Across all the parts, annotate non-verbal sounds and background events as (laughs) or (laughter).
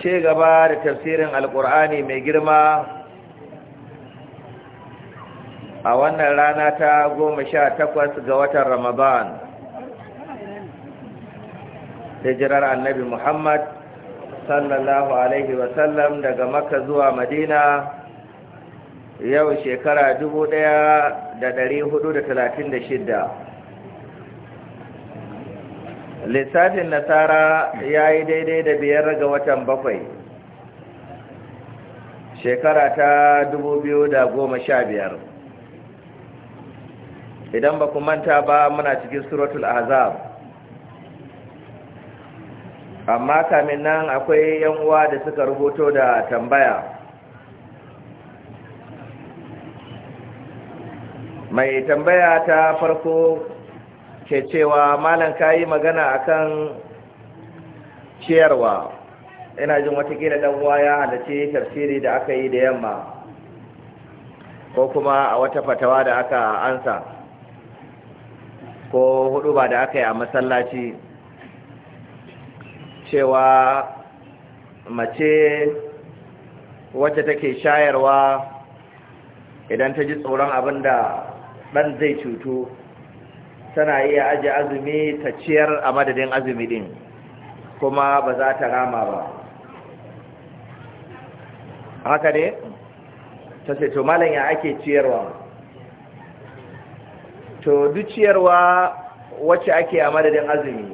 ce gaba da tafsirin alkur'ani mai girma a wannan rana ta goma sha takwas ga watan ramadan da jirar annabi muhammad sallallahu alaihi wasallam daga maka zuwa madina yau shekara dubu ɗaya da da ɗari hudu talatin shida lissafin nasara ya yi daidai da biyar ga watan bakwai shekara ta da goma sha biyar. idan ba manta ba muna cikin suratul azab amma kamin nan akwai yan uwa da suka rubuto da tambaya mai tambaya ta farko ke cewa malam ka yi magana akan ciyarwa ina jin watakila ɗan uwa ya halarci tafsiri da aka yi da yamma ko kuma a wata fatawa da aka ansa ko hudu ba da aka yi a masallaci cewa mace wacce take shayarwa idan ta ji tsoron abin da ɗan zai cutu tana iya aje azumi ta ciyar a madadin azumi din kuma ba za ta rama ba haka ne ta ce to malam ya ake ciyarwa to duk ciyarwa wacce ake a madadin azumi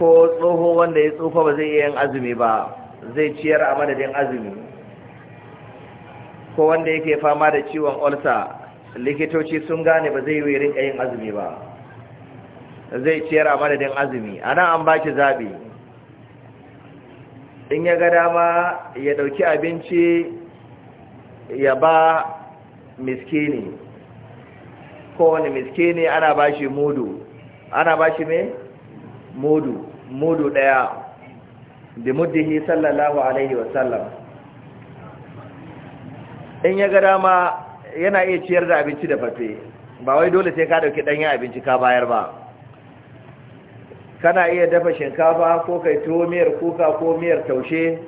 ko tsoho wanda ya tsufa ba zai yin azumi ba zai ciyar a madadin azumi ko wanda yake fama da ciwon olsa likitoci sun gane ba zai yi rinka yin azumi ba zai ciyar a madadin azumi A nan an ba ki zaɓi in ya ga dama ya ɗauki abinci ya ba miskini kowane miskini ana ba shi mudu ana ba shi mai mudu mudu ɗaya da muddihi sallallahu alaihi wasallam in ya ga dama yana iya ciyar da abinci da fafe ba wai dole sai ka dauki danyen abinci ka bayar ba kana iya dafa shinkafa ko kai tuwo miyar kuka ko miyar taushe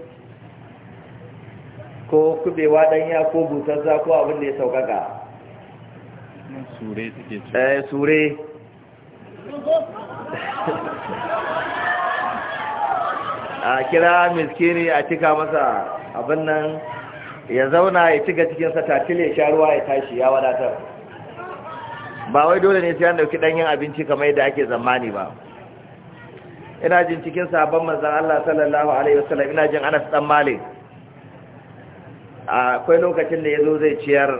ko kubewa danya ko busassa ko abin da ya saukaka eh, a kira miskini a cika masa abin nan ya zauna ya ciga cikinsa tatile sha ruwa ya tashi ya wadatar ba wai dole ne sai an dauki danyen abinci kamar yadda ake zamani ba ina jin cikin sabon manzan Allah sallallahu alaihi wasallam ina jin Anas dan Malik akwai lokacin da yazo zai ciyar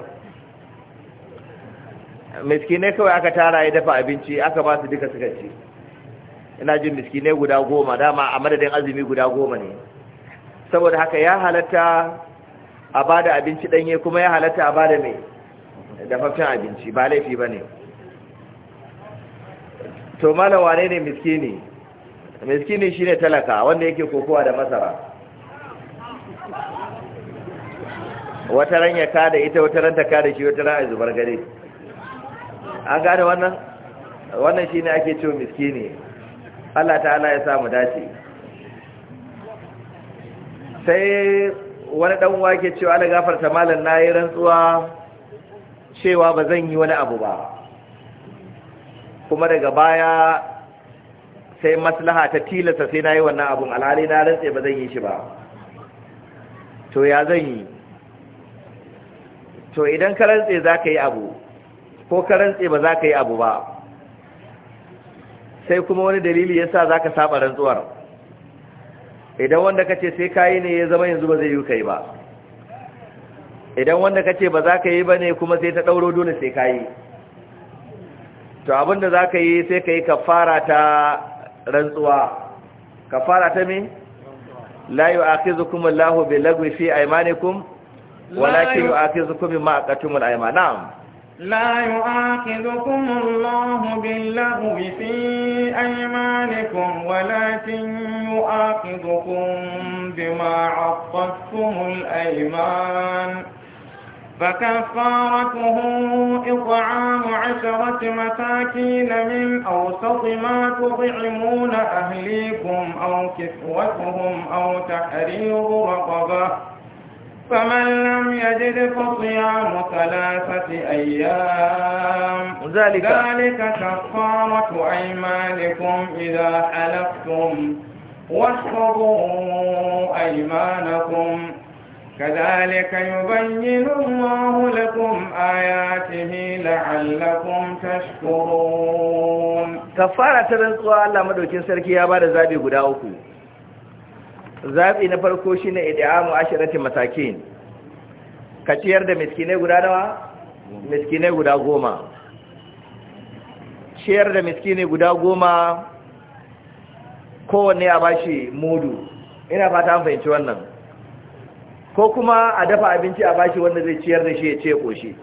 miskine kawai aka tara ya dafa abinci aka ba su duka suka ci ina jin miskine guda goma dama a madadin azumi guda goma ne saboda haka ya halatta a ba da abinci ɗanye kuma ya halatta a ba da mai dafaffen abinci ba laifi ba ne to malam wane ne miskini miskini shine talaka wanda yake kokowa da masara wata ran ya kada ita wata ran ta kada shi wata ran a zubar gare an gane wannan wannan shine ake cewa miskini Allah ta'ala ya samu dace sai wani dan wake cewa ana gafarta malam na yi rantsuwa cewa ba zan yi wani abu ba kuma daga baya sai maslaha ta tilasta sai na yi wannan abun alhali na rantse ba zan yi shi ba to ya zan yi to idan ka rantse za ka yi abu ko ka rantse ba za ka yi abu ba sai kuma wani dalili yasa za ka saba rantsuwar idan wanda kace sai kayi ne ya zama yanzu ba zai yi kai ba idan wanda kace ba za ka yi ba ne kuma sai ta ɗauro dole sai kayi to abinda za ka yi sai ka yi ka fara ta rantsuwa ka fara ta me la yu'akhizukum a imanikun lagwi fi yi walakin yu'akhizukum bima ma'akatun ayman na'am لا يؤاخذكم الله باللغو في أيمانكم ولكن يؤاخذكم بما عقدتم الأيمان فكفارته إطعام عشرة مساكين من أوسط ما تطعمون أهليكم أو كسوتهم أو تحرير رقبه فمن لم يجد فصيام ثلاثة أيام ذلك, ذلك كفارة أيمانكم إذا حلفتم واحفظوا أيمانكم كذلك يبين الله لكم آياته لعلكم تشكرون كفارة رزقها الله مدوكين سركي يا بار زابي قداؤكم zaɓi na farko shi ne idiyamu ashirati matakin ka ciyar da miskinai guda nawa miskinai guda goma ciyar da miskinai guda goma kowanne a bashi mudu ina fata an fahimci wannan ko kuma a dafa abinci a bashi wanda zai ciyar da shi ya ce ƙoshi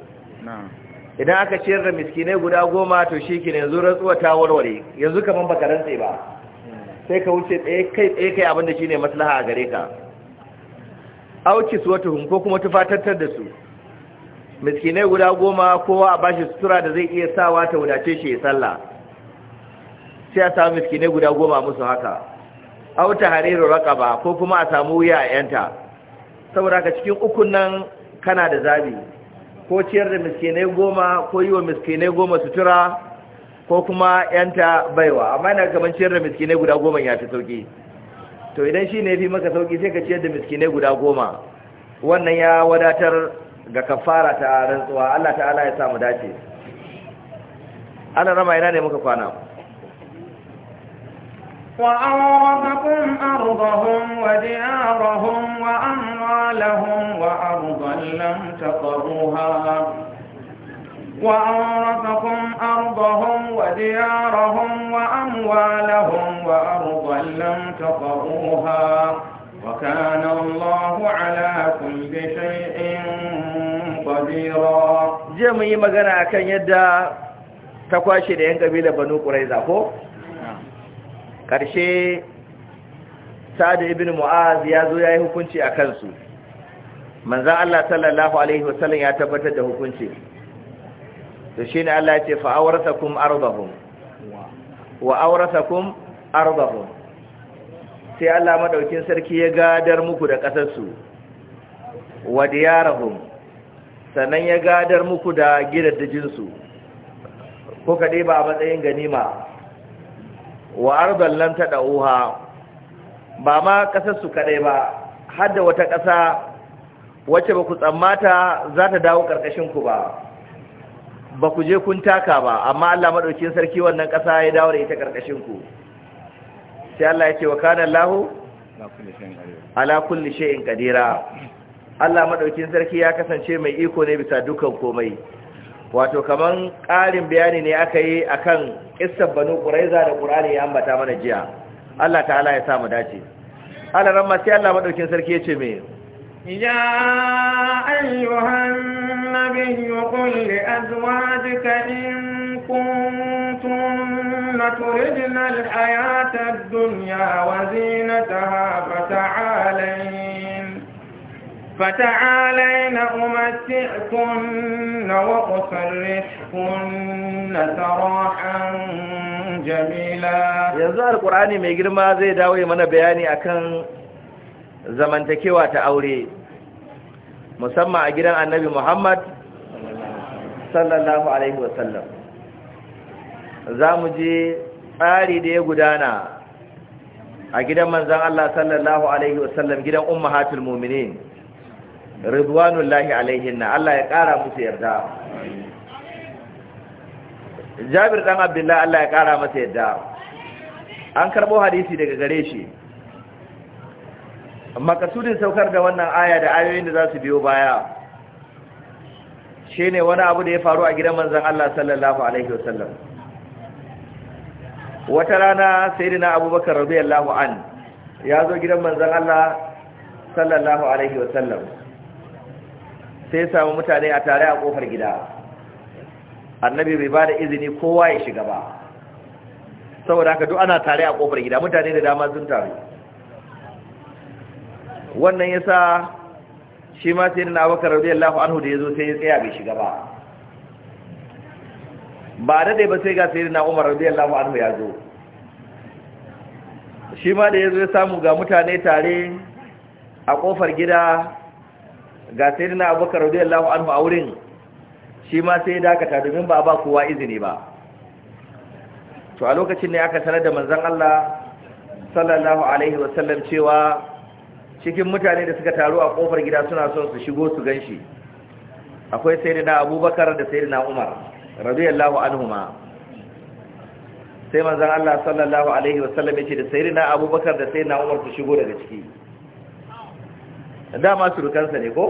idan aka ciyar da miskinai guda goma to shi ki ne yanzu rantsuwa ta warware yanzu kamar baka rantse ba sai ka wuce tsaye kai tsaye kai abinda ne maslaha a gare ka auki su wata ko kuma tufatattar da su miskinai guda goma kowa a bashi sutura da zai iya sawa ta wadace shi ya salla. sai a samu miskinai guda goma musu haka Auta ta raka ba, ko kuma a samu wuya a yanta saboda ka cikin ukun nan kana da zabi ko ciyar da miskinai goma ko yi wa miskinai goma sutura ko kuma yanta baiwa amma yana kamar ciyar da miskinai guda goma ya fi sauki to idan shi ne fi maka sauki sai ka ciyar da miskinai guda goma wannan ya wadatar ga kafara ta rantsuwa Allah ta'ala ya samu dace ana rama yana ne muka kwana وأورثكم أرضهم وديارهم وأموالهم وأرضا لم وأورثكم أرضهم وديارهم وأموالهم وأرضا لم تطروها وكان الله على كل شيء قديرا جميع مغانا كان يدى تكواشي لأن قبيلة بنو قريزة ƙarshe sa'adu سعد mu'az معاذ zo ya yi أكنسو من ذا الله صلى الله عليه وسلم ya tabbatar da to shine Allah ya ce fa awrasakum ardahum wa awrasakum ardahum sai Allah madaukin sarki ya gadar muku da kasar su wa diyarahum sannan ya gadar muku da gidaddajin su ko kade ba a matsayin ganima wa ardan lam tadauha ba ma kasar su kade ba har da wata kasa wacce ba ku tsammata za ta dawo ƙarƙashinku ba ba ku je kun taka ba amma Allah madaukin sarki wannan ƙasa ya dawo da ita karkashin ku sai Allah ya ce wa kana Allahu ala kulli shay'in qadira Allah madaukin sarki ya kasance mai iko ne bisa dukan komai wato kaman ƙarin bayani ne aka yi akan kissar Banu Quraiza da Qur'ani ya ambata mana jiya Allah ta'ala ya sa mu dace Allah ramma sai Allah madaukin sarki ya ce me يا أيها النبي قل لأزواجك إن كنتم تردن الحياة الدنيا وزينتها فتعالين فتعالين أمتعكن وأسرحكن سراحا جميلا يزار القرآن ما يجرم هذا داوي من بياني أكن zamantakewa ta aure musamman a gidan annabi Muhammad sallallahu alaihi wasallam za mu je tsari da ya gudana a gidan manzan Allah sallallahu alaihi wasallam gidan ummahatul mu'minin alaihin na, Allah ya kara musu yarda Jabir dan Abdullahi, Allah ya kara masa yarda an karbo hadisi daga gare shi makasudin saukar da wannan aya da ayoyin da za su biyo baya ne wani abu da ya faru a gidan manzan Allah sallallahu alaihi wasallam wata rana dina Abubakar yallahu an ya zo gidan manzan Allah sallallahu alaihi wasallam sai samu mutane a tare a kofar gida annabi bai ba da izini kowa ya shiga ba saboda haka duk ana tare a kofar gida mutane da dama sun taru wannan ya sa shi ma sai na abakar radiyallahu anhu da yazo sai ya tsaya bai shiga ba ba da dai ba sai ga na Umar radiyallahu anhu ya zo shi ma da yazo ya samu ga mutane tare a kofar gida ga sai sayyidina Abubakar radiyallahu anhu a wurin shi ma sai ya dakata domin ba ba kowa izini ba to a lokacin ne aka sanar da manzan Allah sallallahu alaihi wasallam cewa cikin mutane da suka taru a kofar gida suna son su shigo su ganshi akwai sayyidina abubakar da sayyidina umar radiyallahu anhuma sai manzon Allah sallallahu alaihi wasallam ce da sayyidina abubakar da sayyidina umar su shigo daga ciki dama surukansa ne ko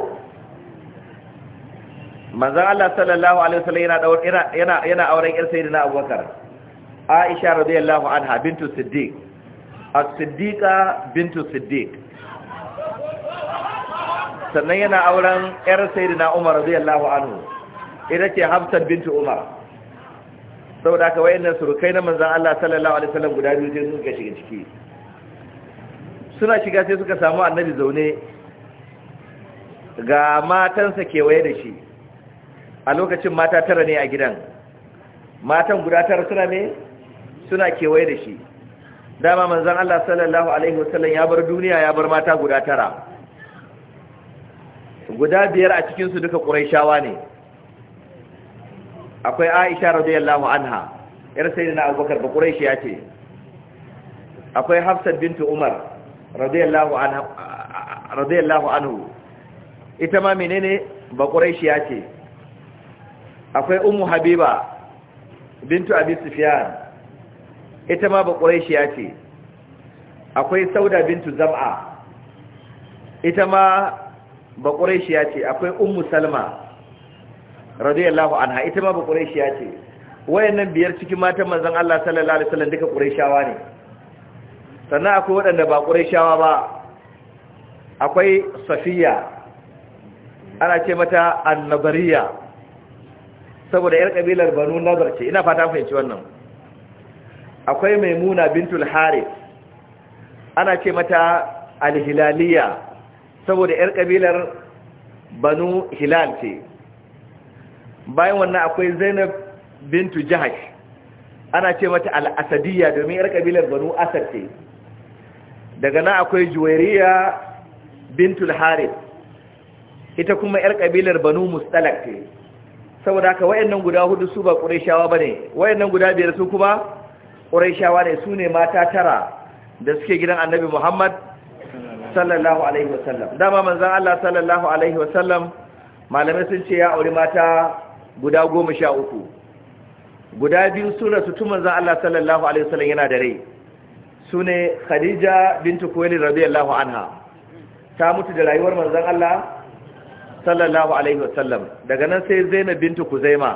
manzon Allah sallallahu alaihi wasallam yana daur yana yana auren yar sayyidina abubakar aisha radiyallahu anha bintu siddiq as-siddiqa bintu siddiq sannan yana auren yar sayyidina Umar radiyallahu anhu ita ce Hafsa bint Umar saboda ka wayannan surukai na manzon Allah sallallahu alaihi wasallam guda biyu sun ga shiga ciki suna shiga sai suka samu annabi zaune ga matansa kewaye da shi a lokacin mata tara ne a gidan matan guda tara suna ne suna kewaye da shi dama manzon Allah sallallahu alaihi wasallam ya bar duniya ya bar mata guda tara guda biyar a cikinsu duka ƙuraishawa ne akwai aisha radiyallahu anha yar na abubakar ba ƙuraishi ya ce akwai hafsat bintu umar radiyallahu anhu ita ma menene ba ƙuraishi ya ce akwai ummu habiba bintu abi sufyan ita ma ba ƙuraishi ya ce akwai sauda bintu zam'a ita ma ba ya ce akwai ummu salma radiyallahu anha ita ma ba ya ce wayannan biyar cikin matan manzon Allah sallallahu alaihi wasallam duka ne sannan akwai waɗanda ba quraishawa ba akwai safiya ana ce mata annabariya saboda yar kabilar banu nazar ce ina fata fahimci wannan akwai maimuna bintul harith ana ce mata alhilaliya saboda 'yar ƙabilar banu hilal ce bayan wannan akwai zainab bintu jahash ana ce mata al'asadiyya domin ƴar ƙabilar banu asad ce daga nan akwai juwairiya bintul haris ita kuma ƴar ƙabilar banu mustalak ce saboda haka wayannan guda hudu su ba ba bane wayannan guda biyar su kuma ƙurayshawa ne su ne mata tara da suke gidan annabi muhammad sallallahu alaihi wasallam dama manzan Allah sallallahu alaihi wasallam malamai sun ce ya aure mata guda goma sha uku guda biyu suna su tun manzan Allah sallallahu alaihi wasallam yana da rai su ne khadija bintu kuwailin radiyallahu anha ta mutu da rayuwar manzan Allah sallallahu alaihi wasallam daga nan sai zainab bintu kuzaima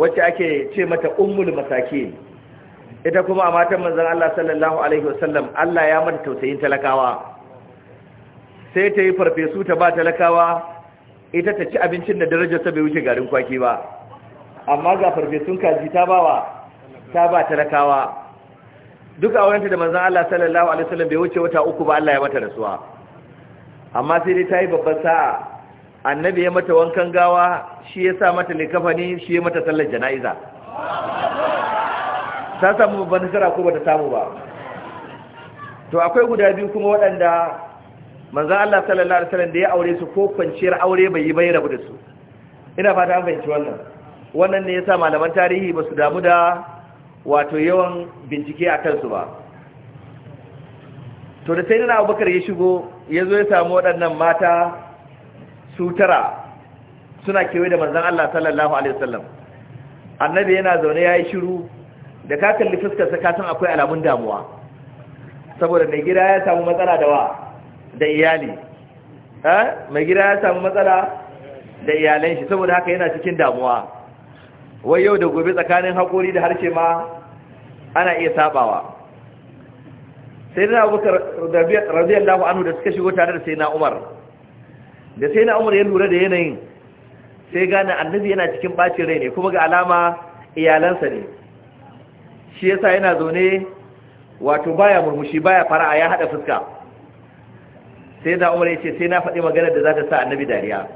wacce ake ce mata ummul masakin ita kuma a matan manzan Allah sallallahu alaihi wasallam Allah ya mata tausayin talakawa sai ta yi farfesu ta ba talakawa ita ta ci abincin da darajarsa bai wuce garin kwaki ba amma ga farfesun kaji ta bawa ta ba talakawa duk a wurinta da manzan Allah sallallahu alaihi wasallam bai wuce wata uku ba Allah ya mata rasuwa amma sai dai ta yi babban sa'a annabi ya mata wankan gawa shi ya sa mata likafani shi ya mata sallar jana'iza ta samu babban nasara ko bata samu ba to akwai guda biyu kuma waɗanda manzan Allah sallallahu alaihi wasallam da ya aure su ko kwanciyar aure bai yi bai rabu da su ina fata an fahimci wannan wannan ne yasa malaman tarihi ba su damu da wato yawan bincike a kansu ba to da sai na abubakar ya shigo ya zo ya samu waɗannan mata su tara suna kewaye da manzan Allah sallallahu alaihi wasallam annabi yana zaune ya yi shiru da ka kalli fuskarsa ka san akwai alamun damuwa saboda mai gida ya samu matsala da wa da iyali mai gida ya samu matsala da iyalan shi saboda haka yana cikin damuwa wai yau da gobe tsakanin haƙori da harshe ma ana iya sabawa sai na abubakar radiyallahu anhu da suka shigo tare da sai na umar da sai na umar ya lura da yanayin sai gane annabi yana cikin bacin rai ne kuma ga alama iyalansa ne shi yasa yana zaune wato baya murmushi baya fara'a ya haɗa fuska sai na umar ya ce sai na faɗi magana da za ta sa annabi dariya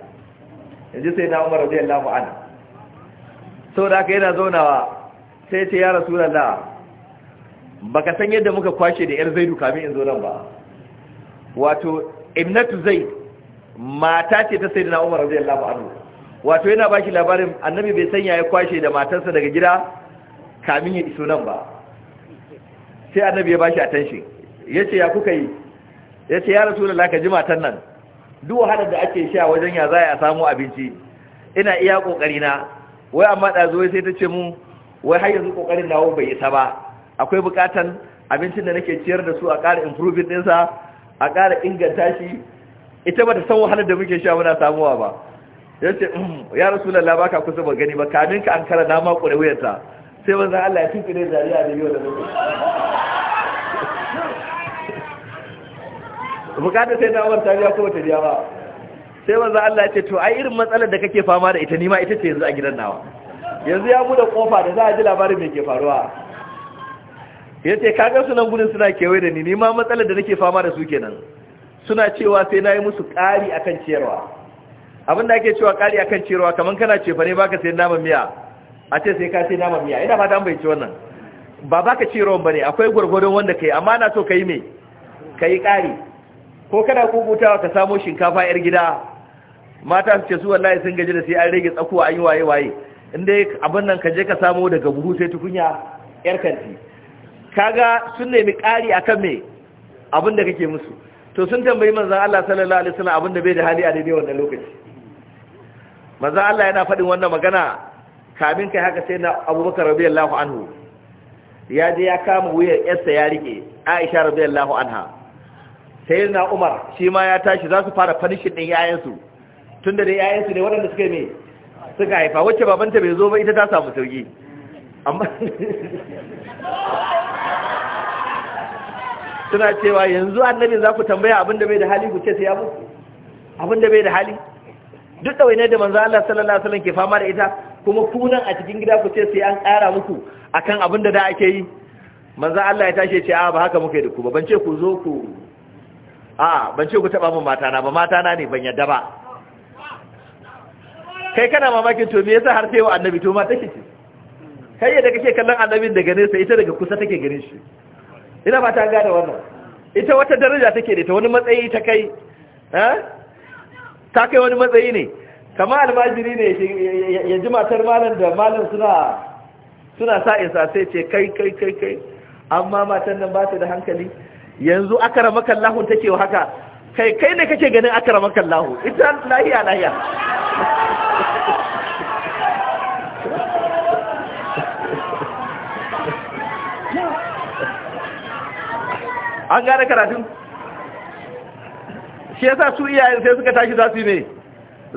yanzu sai na umar lafi anhu sau da aka yana zaunawa sai ce ya rasu lalla ba ka san yadda muka kwashe da yar zaidu kamin in zo nan ba wato imnatu zai mata ce ta sai na umar lafi anhu wato yana ba shi labarin annabi bai sanya ya kwashe da matarsa daga gida kamin ya iso nan ba sai annabi ya ba shi a tanshi ya ce ya kuka yi ya ce ya rasu ka ji matan nan duk wahalar da ake sha wajen ya za a samu abinci ina iya kokari na wai amma da zo sai ta ce mu wai har yanzu kokarin nawo bai isa ba akwai bukatan abincin da nake ciyar da su a ƙara improving ɗinsa a ƙara inganta shi ita ba ta san wahalar da muke sha muna samuwa ba ya ce mm, ya rasulallah ba ka kusa ba gani ba kamin ka an kara na ma ƙure wuyarta sai manzan Allah ya tunkire zariya da yau da lokaci bukatar sai na wanta ya kuma ta biya ba sai manzo Allah ya ce to ai irin matsalar da kake fama da ita ni ma ita ce yanzu a gidan nawa yanzu ya bude kofa da za a ji labarin me ke faruwa yace kaga su nan gudun suna kewaye da ni ni ma matsalar da nake fama da su kenan suna cewa sai nayi musu ƙari akan ciyarwa abin da ake cewa ƙari akan ciyarwa kaman kana ce ne baka sai naman miya a ce sai ka sai naman miya ina fata an bai ci wannan ba baka ciyarwa bane akwai gurgurdon wanda kai amma na so kai me kai ƙari ko kana kubutawa ka samo shinkafa yar gida mata su ce su wallahi sun gaji da sai an rage tsakuwa an yi waye waye inda abin nan ka je ka samo daga buhu sai tukunya yar kanti kaga sun nemi ƙari akan me abin da kake musu to sun tambayi manzon Allah sallallahu alaihi wasallam abin da bai da hali a daidai wannan lokaci Maza Allah yana faɗin wannan magana kamin kai haka sai na Abubakar radiyallahu anhu ya je ya kama wuyar yarsa ya rike Aisha radiyallahu anha sai na umar shi ma ya tashi za su fara fanishin ɗin yayansu tun da yayansu ne waɗanda suka yi suka haifa wacce babanta bai zo ba ita ta samu sauki amma (laughs) suna cewa yanzu annabi za ku tambaya abinda bai da hali ku ce sai ya muku abinda bai da hali duk da ɗawaine da manzo Allah sallallahu alaihi wasallam ke fama da ita kuma kunan a cikin gida ku ce sai an ƙara muku akan abinda da ake yi manzo Allah ya tashi ya ce a ba haka muke da ku ba ban ce ku zo ku a ban ce ku taba mun matana ba matana ne ban yadda ba kai kana mamakin to me yasa har sai wa annabi to ma take ce kai yadda kake kallon annabin daga nesa ita daga kusa take ganin shi ina ba ta gane wannan ita wata daraja take da ta wani matsayi ta kai ta kai wani matsayi ne kama almajiri ne ya ji matar malam da malam suna suna isa sai ce kai kai kai kai amma matan nan ba ta da hankali yanzu akaramaka Allahu take haka kai kai ne kake ganin akaramaka Allahu ita lahiya lahiya an gane karatun shi yasa su iyayen sai suka tashi za su yi ne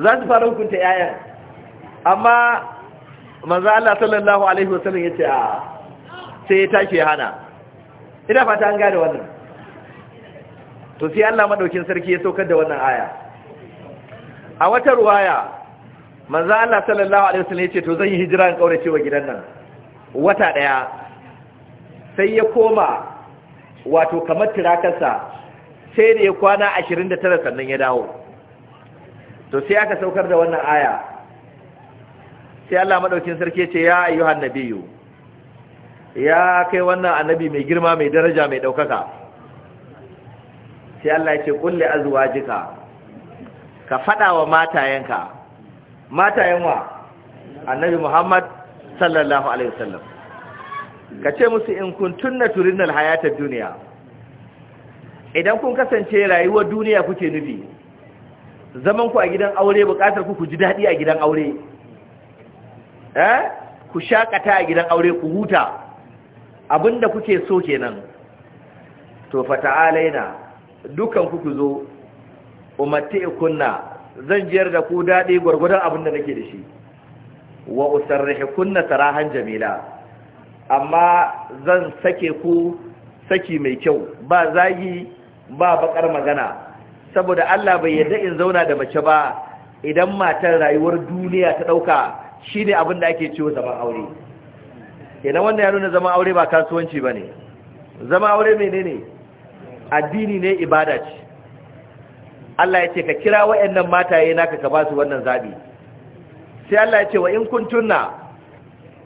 za su fara hukunta iyayen amma manzo Allah sallallahu alaihi wasallam yace a sai ya tashi ya hana ina fata an gane wannan to sai Allah madaukin sarki ya saukar da wannan aya a wata ruwaya manzo Allah sallallahu alaihi wasallam yace to zan yi hijira in kaure cewa gidan nan wata daya sai ya koma wato kamar tirakarsa sai da ya kwana 29 sannan ya dawo to sai aka saukar da wannan aya sai Allah madaukin sarki yace ya ayyuhan nabiyyu ya kai wannan annabi mai girma mai daraja mai daukaka sai Allah ya ce kulli azwajika ka fada wa matayenka matayen annabi Muhammad sallallahu alaihi wasallam ka ce musu in kuntunna turinal hayatad duniya. idan kun kasance rayuwar duniya kuke nufi zaman ku a gidan aure bukatar ku ku ji dadi a gidan aure eh ku shakata a gidan aure ku huta abinda kuke so kenan to fa ta'alaina dukan ku ku zo umatte kunna zan jiyar da ku daɗi gwargwadon abin da nake da shi wa usarrihu kunna sarahan jamila amma zan sake ku saki mai kyau ba zagi ba bakar magana saboda Allah bai yarda in zauna da mace ba idan matar rayuwar duniya ta dauka shine abin da ake ciwo zaman aure kenan wannan ya nuna zaman aure ba kasuwanci bane zaman aure menene addini ne ibada ce Allah ya ce ka kira waɗannan mataye naka ka ba su wannan zabi sai Allah ya ce wa in kuntunna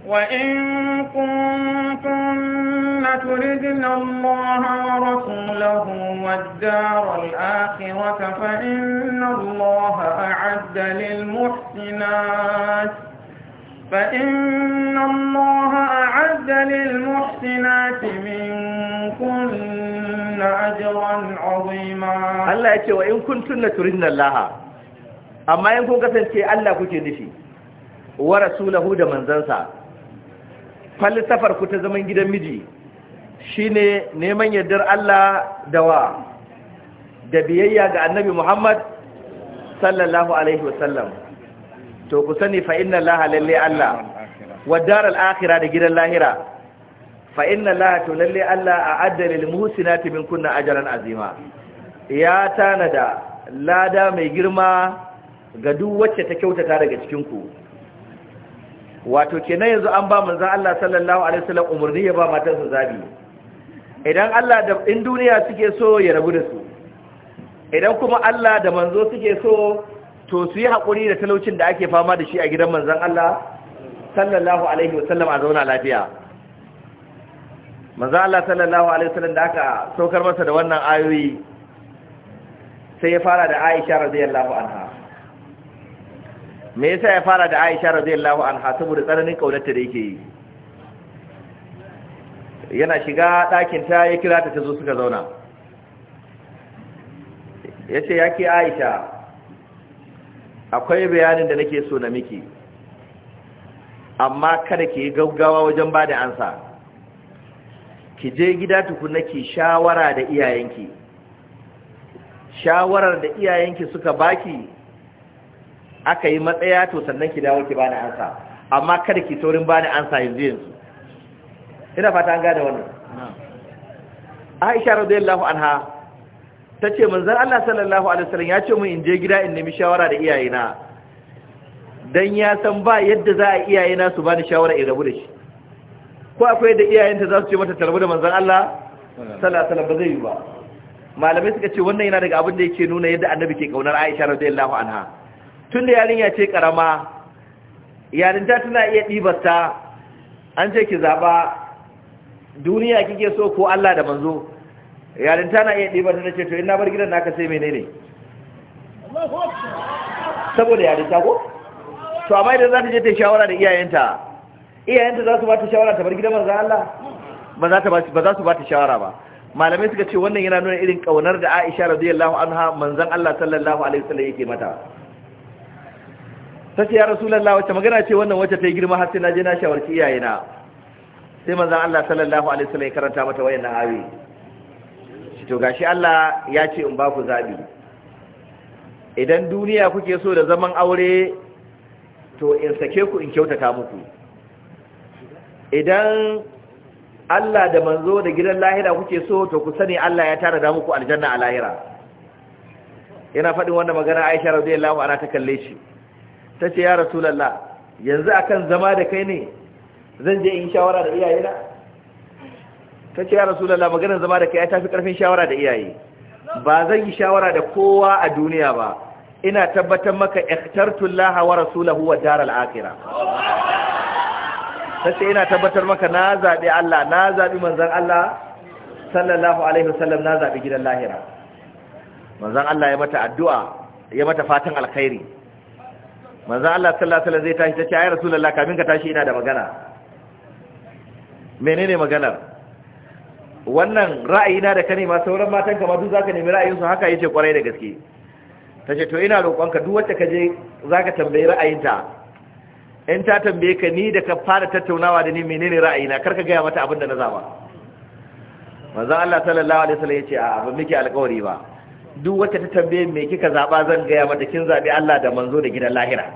wa in kuntunna turidna Allah wa rasulahu wad-daral akhirata fa inna Allah a'adda lil muhsinat فإن الله أعد للمحسنات منكن أجرا عظيما الله يتي وإن كنتن تردن الله أما ينكون قصة شيء الله كتير نفي ورسوله دا من فلسفر فالسفر كتزمن جدا مجي shine neman yardar Allah dawa da biyayya النبي محمد صلى الله عليه وسلم to ku sani fa inna laha lalle Allah wa daral akhirah da gidan lahira fa inna laha to lalle Allah a lil muhsinati min kunna ajran azima ya tanada lada mai girma ga duk wacce ta kyautata daga cikin ku wato kenan yanzu an ba manzon Allah sallallahu alaihi wasallam umurni ya ba matarsa zabi idan Allah da in duniya suke so ya rabu da su idan kuma Allah da manzo suke so to su yi haƙuri da talaucin da ake fama da shi a gidan manzan Allah sallallahu alaihi wasallam a zauna lafiya manzan Allah sallallahu alaihi wasallam da aka saukar masa da wannan ayoyi sai ya fara da Aisha radiyallahu anha me yasa ya fara da Aisha radiyallahu anha saboda tsananin kaunarta da yake yi yana shiga ɗakin ta ya kira ta ta zo suka zauna yace ke Aisha akwai bayanin da nake so na miki amma kada ki gaggawa wajen ba da ansa ki je gida tukuna ki shawara da iyayenki shawarar da iyayenki suka baki aka yi matsaya to sannan ki dawo ki bani ansa amma kada ki saurin bani ansa yanzu yanzu ina fata an gane wannan Aisha radiyallahu anha ta ce manzan Allah sallallahu alaihi wasallam ya ce mun in je gida in nemi shawara da iyayena don ya san ba yadda za a iyayena su bani shawara in rabu da shi ko akwai da iyayenta za su ce mata tarbu da manzan Allah sallallahu ba zai yi ba malamai suka ce wannan yana daga abin da yake nuna yadda annabi ke kaunar Aisha radiyallahu anha tunda yarinya ce karama yarinta tana iya ɗibarta an ce ki zaɓa duniya kike so ko Allah da manzo yarinta na iya ɗibar ta nace to in na bar gidan naka sai menene saboda yarinta ko to amma idan za ta je ta shawara da iyayenta iyayenta za su ba ta shawara ta bar gidan manzo Allah ba za ta ba za su ba ta shawara ba malamai suka ce wannan yana nuna irin kaunar da Aisha radiyallahu anha manzan Allah sallallahu alaihi wasallam yake mata sai ya rasulullah wace magana ce wannan wacce ta yi girma har sai na je na shawarci iyayena sai manzan Allah sallallahu alaihi wasallam ya karanta mata wayannan ayoyi to gashi Allah ya ce in ba ku zabi idan duniya kuke so da zaman aure to in sake ku in kyautata muku idan Allah da manzo da gidan lahira kuke so to ku sani Allah ya tara da muku aljanna a lahira yana faɗin wannan magana Aisha radiyallahu anha ta kalle shi tace ya rasulullah yanzu akan zama da kai ne zan je in shawara da iyayena ta ce ya rasu lalla maganar zama da kai ta fi ƙarfin shawara da iyaye ba zan yi shawara da kowa a duniya ba ina tabbatar maka ikhtartullaha wa rasulahu wa daral akhirah tace ina tabbatar maka na zabi Allah na zabi manzon Allah sallallahu alaihi wasallam na zabi gidan lahira manzon Allah ya mata addu'a ya mata fatan alkhairi manzon Allah sallallahu alaihi wasallam zai tashi tace ayi rasulullah kamin ka tashi ina da magana menene maganar wannan ra'ayi na da ka nema sauran matan kamar duk zaka nemi ra'ayinsu haka yace kwarai da gaske tace to ina roƙonka duk wacce ka je zaka tambayi ra'ayinta in ta tambaye ka ni da ka fara tattaunawa da ni menene ra'ayina ka gaya mata abin da na zaba manzo Allah sallallahu alaihi wasallam yace a ban miki alƙawari ba duk wacce ta tambaye me kika zaba zan gaya mata kin zabi Allah da manzo da gidan lahira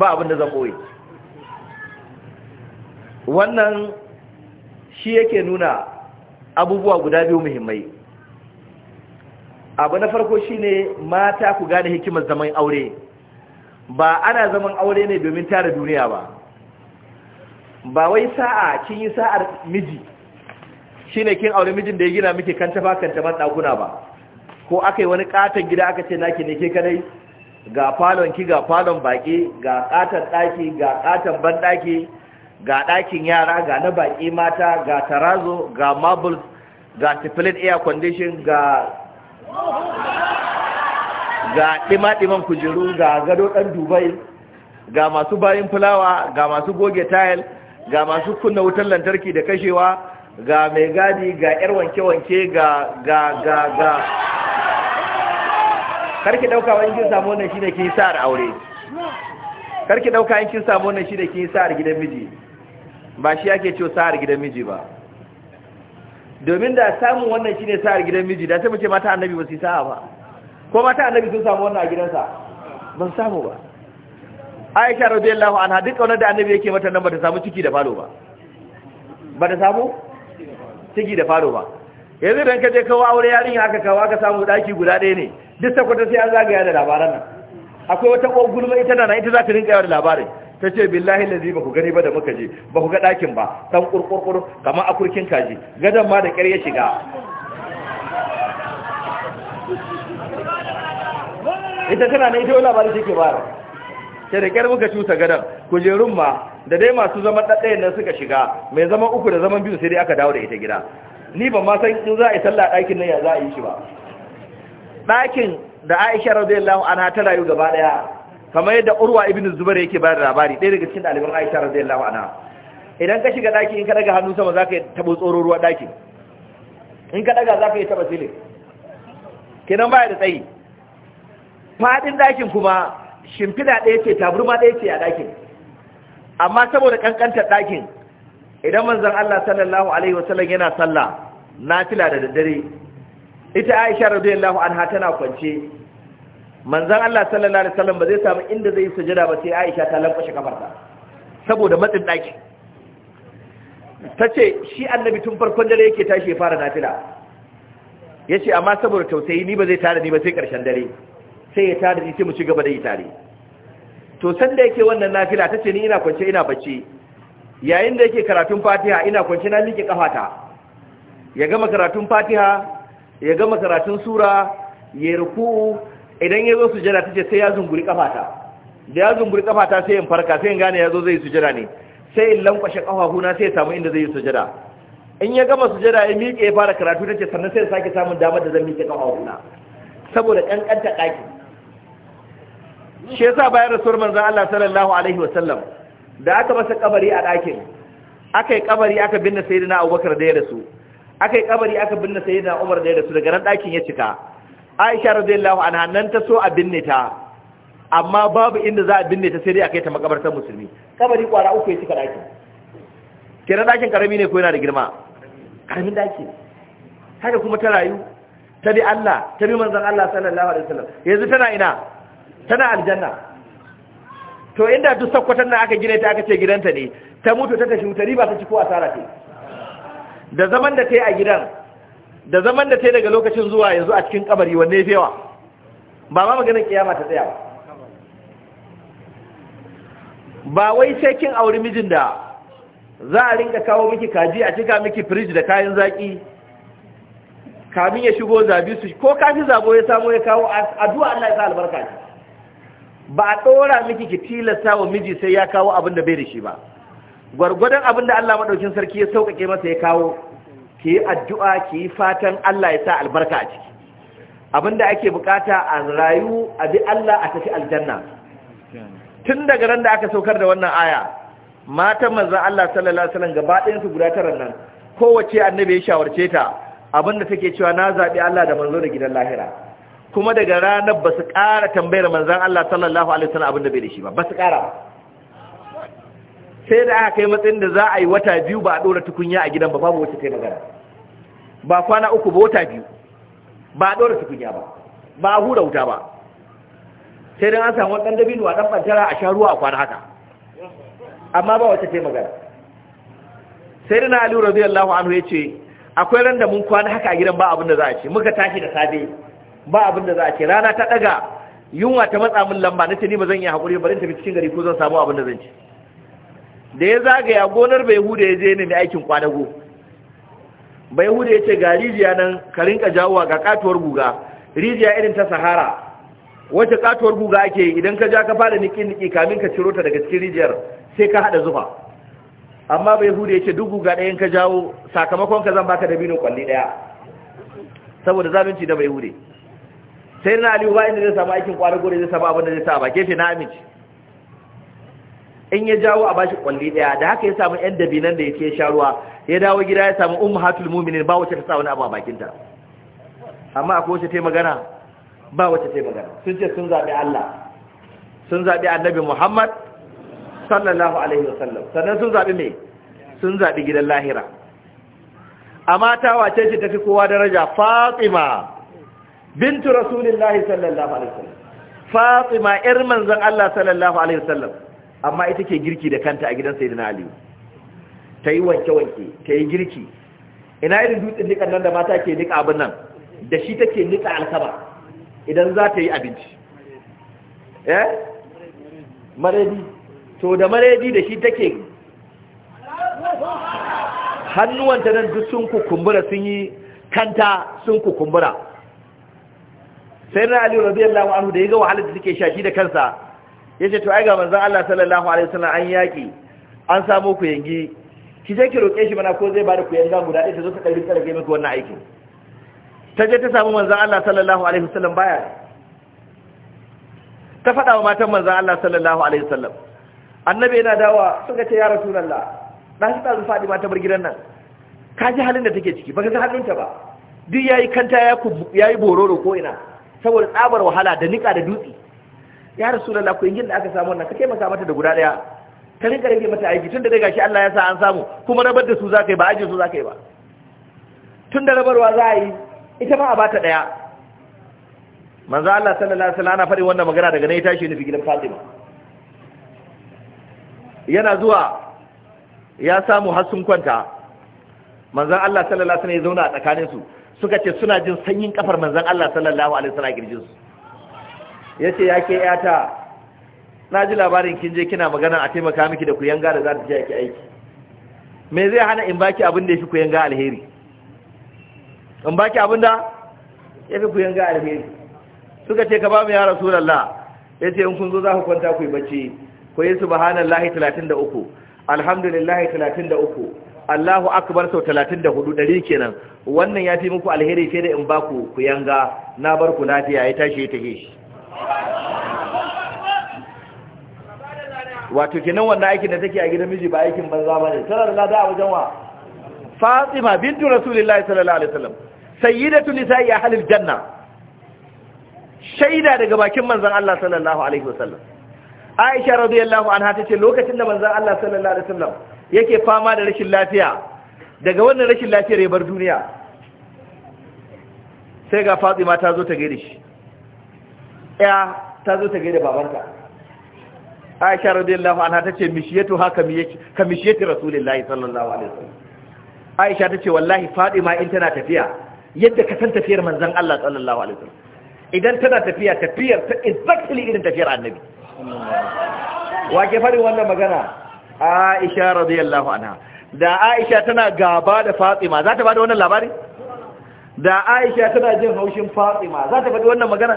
ba abin da zan boye wannan shi yake nuna abubuwa guda biyu muhimmai abu na farko shine mata ku gane hikimar zaman aure ba ana zaman aure ne domin tara duniya ba ba wai sa'a kin yi sa'ar miji shine kin aure mijin da ya gina miki kan tafa kan taban dakuna ba ko aka wani katon gida aka ce naki ne ke kadai ga falon ki ga falon baƙi, ga katon ɗaki, ga katon banɗaki. ga ɗakin yara ga na baƙi mata ga tarazo ga marbles ga tiflin air condition ga ga ɗima-ɗiman kujeru ga gado ɗan dubai ga masu bayin fulawa ga masu goge tayil ga masu kunna wutar lantarki da kashewa ga mai gadi ga 'yar wanke-wanke ga ga ga ga karki ɗauka wani kin samu wannan shi da kin sa'ar aure karki ɗauka yin kin samu wannan shi da kin sa'ar gidan miji ba shi ake ce sa'ar gidan miji ba domin da samun wannan shi ne sa'ar gidan miji da sai mu ce mata annabi ba su yi sa'a ba ko mata annabi sun samu wannan a gidansa ban samu ba Aisha radiyallahu anha duk ƙaunar da annabi yake mata nan ba ta samu ciki da falo ba ba ta samu ciki da falo ba yanzu dan kaje kawo aure yarinya aka kawo aka samu ɗaki guda ɗaya ne duk sakwata sai an zagaya da labaran nan akwai wata ƙwar gulma ita na ita za ta rinka yawan labarin ta ce billahi lazi ba ku gani ba da muka je ba ku ga ɗakin ba ɗan ƙurƙurƙur kamar a kurkin kaji gadon ma da ƙyar ya shiga ita tana na ita wani labarin shi ke bara ta da ƙyar muka cusa gadon kujerun ma da dai masu zaman ɗaɗɗayan nan suka shiga mai zaman uku da zaman biyu sai dai aka dawo da ita gida ni ban ma san in za a yi sallah ɗakin nan ya za a yi shi ba ɗakin da aisha radiyallahu anha ta rayu gaba ɗaya kamar yadda urwa ibn zubair yake bayar da labari ɗaya daga cikin ɗaliban aisha radiyallahu anha idan ka shiga daki in ka daga hannu sama zaka tabo tsoro ruwa daki in ka daga zaka yi taba silin kenan baya da tsayi fadin ɗakin kuma shimfiɗa ɗaya ce taburma ɗaya ce a ɗakin amma saboda kankantar ɗakin idan manzon Allah sallallahu alaihi wasallam yana sallah nafila da daddare ita Aisha radiyallahu anha tana kwance manzan Allah sallallahu alaihi wasallam ba zai samu inda zai yi sujada ba sai Aisha ta lankwashe kafarta saboda matsin daki tace shi annabi tun farkon dare yake tashi ya fara nafila yace amma saboda tausayi ni ba zai tare ni ba sai karshen dare sai ya tare ni sai mu ci gaba da yi tare to sanda yake wannan nafila tace ni ina kwance ina bacci yayin da yake karatun Fatiha ina kwance na liƙe kafata ya gama karatun Fatiha ya gama karatun sura ya ruku idan ya zo sujada ta ce sai ya zunguri kafata da ya zunguri kafata sai in farka sai in gane ya zo zai sujada ne sai in lankwashe kafafuna sai ya samu inda zai yi sujada in ya gama sujada ya miƙe ya fara karatu ta ce sannan sai sake samun damar da zan miƙe kafafuna saboda ƙanƙanta ɗaki shi yasa bayan rasuwar manzon Allah sallallahu alaihi sallam. da aka masa kabari a ɗakin aka yi kabari aka binne sayyidina Abubakar da ya rasu aka yi kabari aka binne sayyidina Umar da ya rasu daga nan ɗakin ya cika aisha radiyallahu anha nan ta so a binne ta amma babu inda za a binne ta sai dai a kai ta makabartar musulmi kabari kwara uku ya cika daki kenan dakin karami ne ko yana da girma karamin daki haka kuma ta rayu ta bi Allah ta bi manzon Allah sallallahu alaihi wasallam yanzu tana ina tana aljanna to inda duk sakkwatan nan aka gina ta aka ce gidanta ne ta mutu ta tashi wuta riba ta ci ko asara ce da zaman da ta yi a gidan da zaman da ta daga lokacin zuwa yanzu a cikin kabari wanne ya fewa ba ma maganin kiyama ta tsaya ba wai sai kin auri mijin da za a rinka kawo miki kaji a cika miki firij da kayan zaki kamin ya shigo zabi su ko kafi zabo ya samu ya kawo addu'a Allah ya sa albarka ba a dora miki ki tilasta wa miji sai ya kawo abin da bai da shi ba gwargwadon abin da Allah madaukin sarki ya sauƙaƙe masa ya kawo ki yi addu'a ki yi fatan Allah ya sa albarka a ciki abinda ake bukata a rayu a bi Allah a tafi aljanna tun daga ran da aka saukar da wannan aya matan manzon Allah sallallahu alaihi wasallam gaba guda tara nan kowace annabi ya shawarce ta abinda take cewa na zabi Allah da manzo da gidan lahira kuma daga ranar ba su ƙara tambayar manzon Allah sallallahu alaihi wasallam abinda bai da shi ba ba su ƙara ba sai da aka kai matsayin da za a yi wata biyu ba a ɗora tukunya a gidan ba babu wacce kai magana ba kwana uku ba wata biyu ba a ɗora tukunya ba ba a hura wuta ba sai dan an samu ɗan dabino a ɗan ɓantara a sha ruwa a kwana haka amma ba wacce kai magana sai da na ali radiyallahu anhu ya ce akwai ran da mun kwana haka a gidan ba abin da za a ce muka tashi da safe ba abin da za a ce rana ta ɗaga yunwa ta matsa min lamba na ce ni ba zan iya haƙuri ba zan tafi cikin gari ko zan samu abin da zan ci da ya zagaya gonar bai huda ya je ne mai aikin kwadago bai ya ce ga rijiya nan ka rinka jawowa ga katuwar guga rijiya irin ta sahara wacce katuwar guga ake idan ka ja ka fara niki-niki kamin ka ciro ta daga cikin rijiyar sai ka haɗa zufa amma bai ya ce duk guga ɗayan ka jawo sakamakon ka zan baka dabino kwalli ɗaya saboda zalunci da bai hude sai na aliyu ba inda zai samu aikin kwanago da zai samu abin da zai sa ba gefe na aminci in ya jawo a bashi kwalli daya da haka ya samu yan dabinan da yake sha ruwa ya dawo gida ya samu hatul mu'minin ba wacce ta sa wani abu a bakin ta amma akwai wacce ta magana ba wacce ta magana sun ce sun zabi Allah sun zabi Annabi Muhammad sallallahu alaihi wasallam sannan sun zabi me sun zabi gidan lahira amma ta wace ce tafi kowa daraja Fatima bintu Rasulullahi sallallahu alaihi wasallam Fatima ƴar manzon Allah sallallahu alaihi wasallam amma ita ke girki da kanta a gidan sayyidina ali ta yi wanke-wanke ta yi girki ina irin dutsen nikan nan da mata ke nika abin nan da shi take nika alkama idan za ta yi abinci eh maredi to da maredi da shi take hannuwanta nan duk sun kukumbura sun yi kanta sun kukumbura sai na aliyu radiyallahu anhu da ya ga wahalar da suke shaki da kansa ce to ai ga manzan Allah sallallahu alaihi wasallam an yaƙi an samu ku yangi ki je ki roƙe shi mana ko zai bada ku yanga guda ɗaya ta zo ta ɗauki tsarage wannan aikin ta je ta samu manzan Allah sallallahu alaihi wasallam baya ta faɗa wa matan manzan Allah sallallahu alaihi wasallam annabi yana dawa suka ce ya na dan ta zuwa Fadima ta bar gidan nan ka ji halin da take ciki baka ga ta ba duk yayi kanta ya yayi bororo ko ina saboda tsabar wahala da nika da dutse ya rasulullah ku yin da aka samu wannan ka taimaka mata da guda daya ka rinka rage mata aiki tun da dai gashi Allah ya sa an samu kuma rabar da su za ka yi ba ajin su za ka yi ba tun da rabarwa za a yi ita ma a bata daya manzo Allah sallallahu alaihi wasallam ana faɗi wannan magana daga ne tashi nufi gidan Fatima yana zuwa ya samu har sun kwanta manzo Allah sallallahu alaihi wasallam ya zauna a tsakaninsu suka ce suna jin sanyin kafar manzo Allah sallallahu alaihi wasallam girjinsu ya ce ya ke yata na ji labarin kin je kina magana a taimaka miki da kuyanga da za ta je ki aiki me zai hana in baki abin da ya fi kuyanga alheri in baki abin da ya fi kuyanga alheri suka ce ka ba mu ya rasulallah ya ce in kun zo za ku kwanta ku yi bacci ku yi subhanallahi 33 alhamdulillahi 33 Allahu akbar sau 34 ɗari kenan wannan ya fi muku alheri fiye da in baku ku yanga na barku lafiya ya tashi ya tahe shi wato kenan wannan aikin da take a gidan miji ba aikin banza ba ne tana da lada a wajen wa fatima bintu rasulullahi sallallahu alaihi wasallam sayyidatu nisa'i ahlil janna shaida daga bakin manzon Allah sallallahu alaihi wasallam Aisha radiyallahu anha tace lokacin da manzon Allah sallallahu alaihi wasallam yake fama da rashin lafiya daga wannan rashin lafiyar ya bar duniya sai ga Fatima ta zo ta gaida shi ɗaya ta zo ta gaida babanta aisha radiyallahu anha tace mishiyatu ha kamishiyatu rasulillahi sallallahu alaihi wasallam aisha tace wallahi fadima in tana tafiya yadda ka san tafiyar manzon Allah sallallahu alaihi wasallam idan tana tafiya tafiyar ta exactly irin tafiyar annabi wa ke fari wannan magana aisha radiyallahu anha da aisha tana gaba da fatima za ta bada wannan labari da aisha tana jin haushin fatima za ta faɗi wannan magana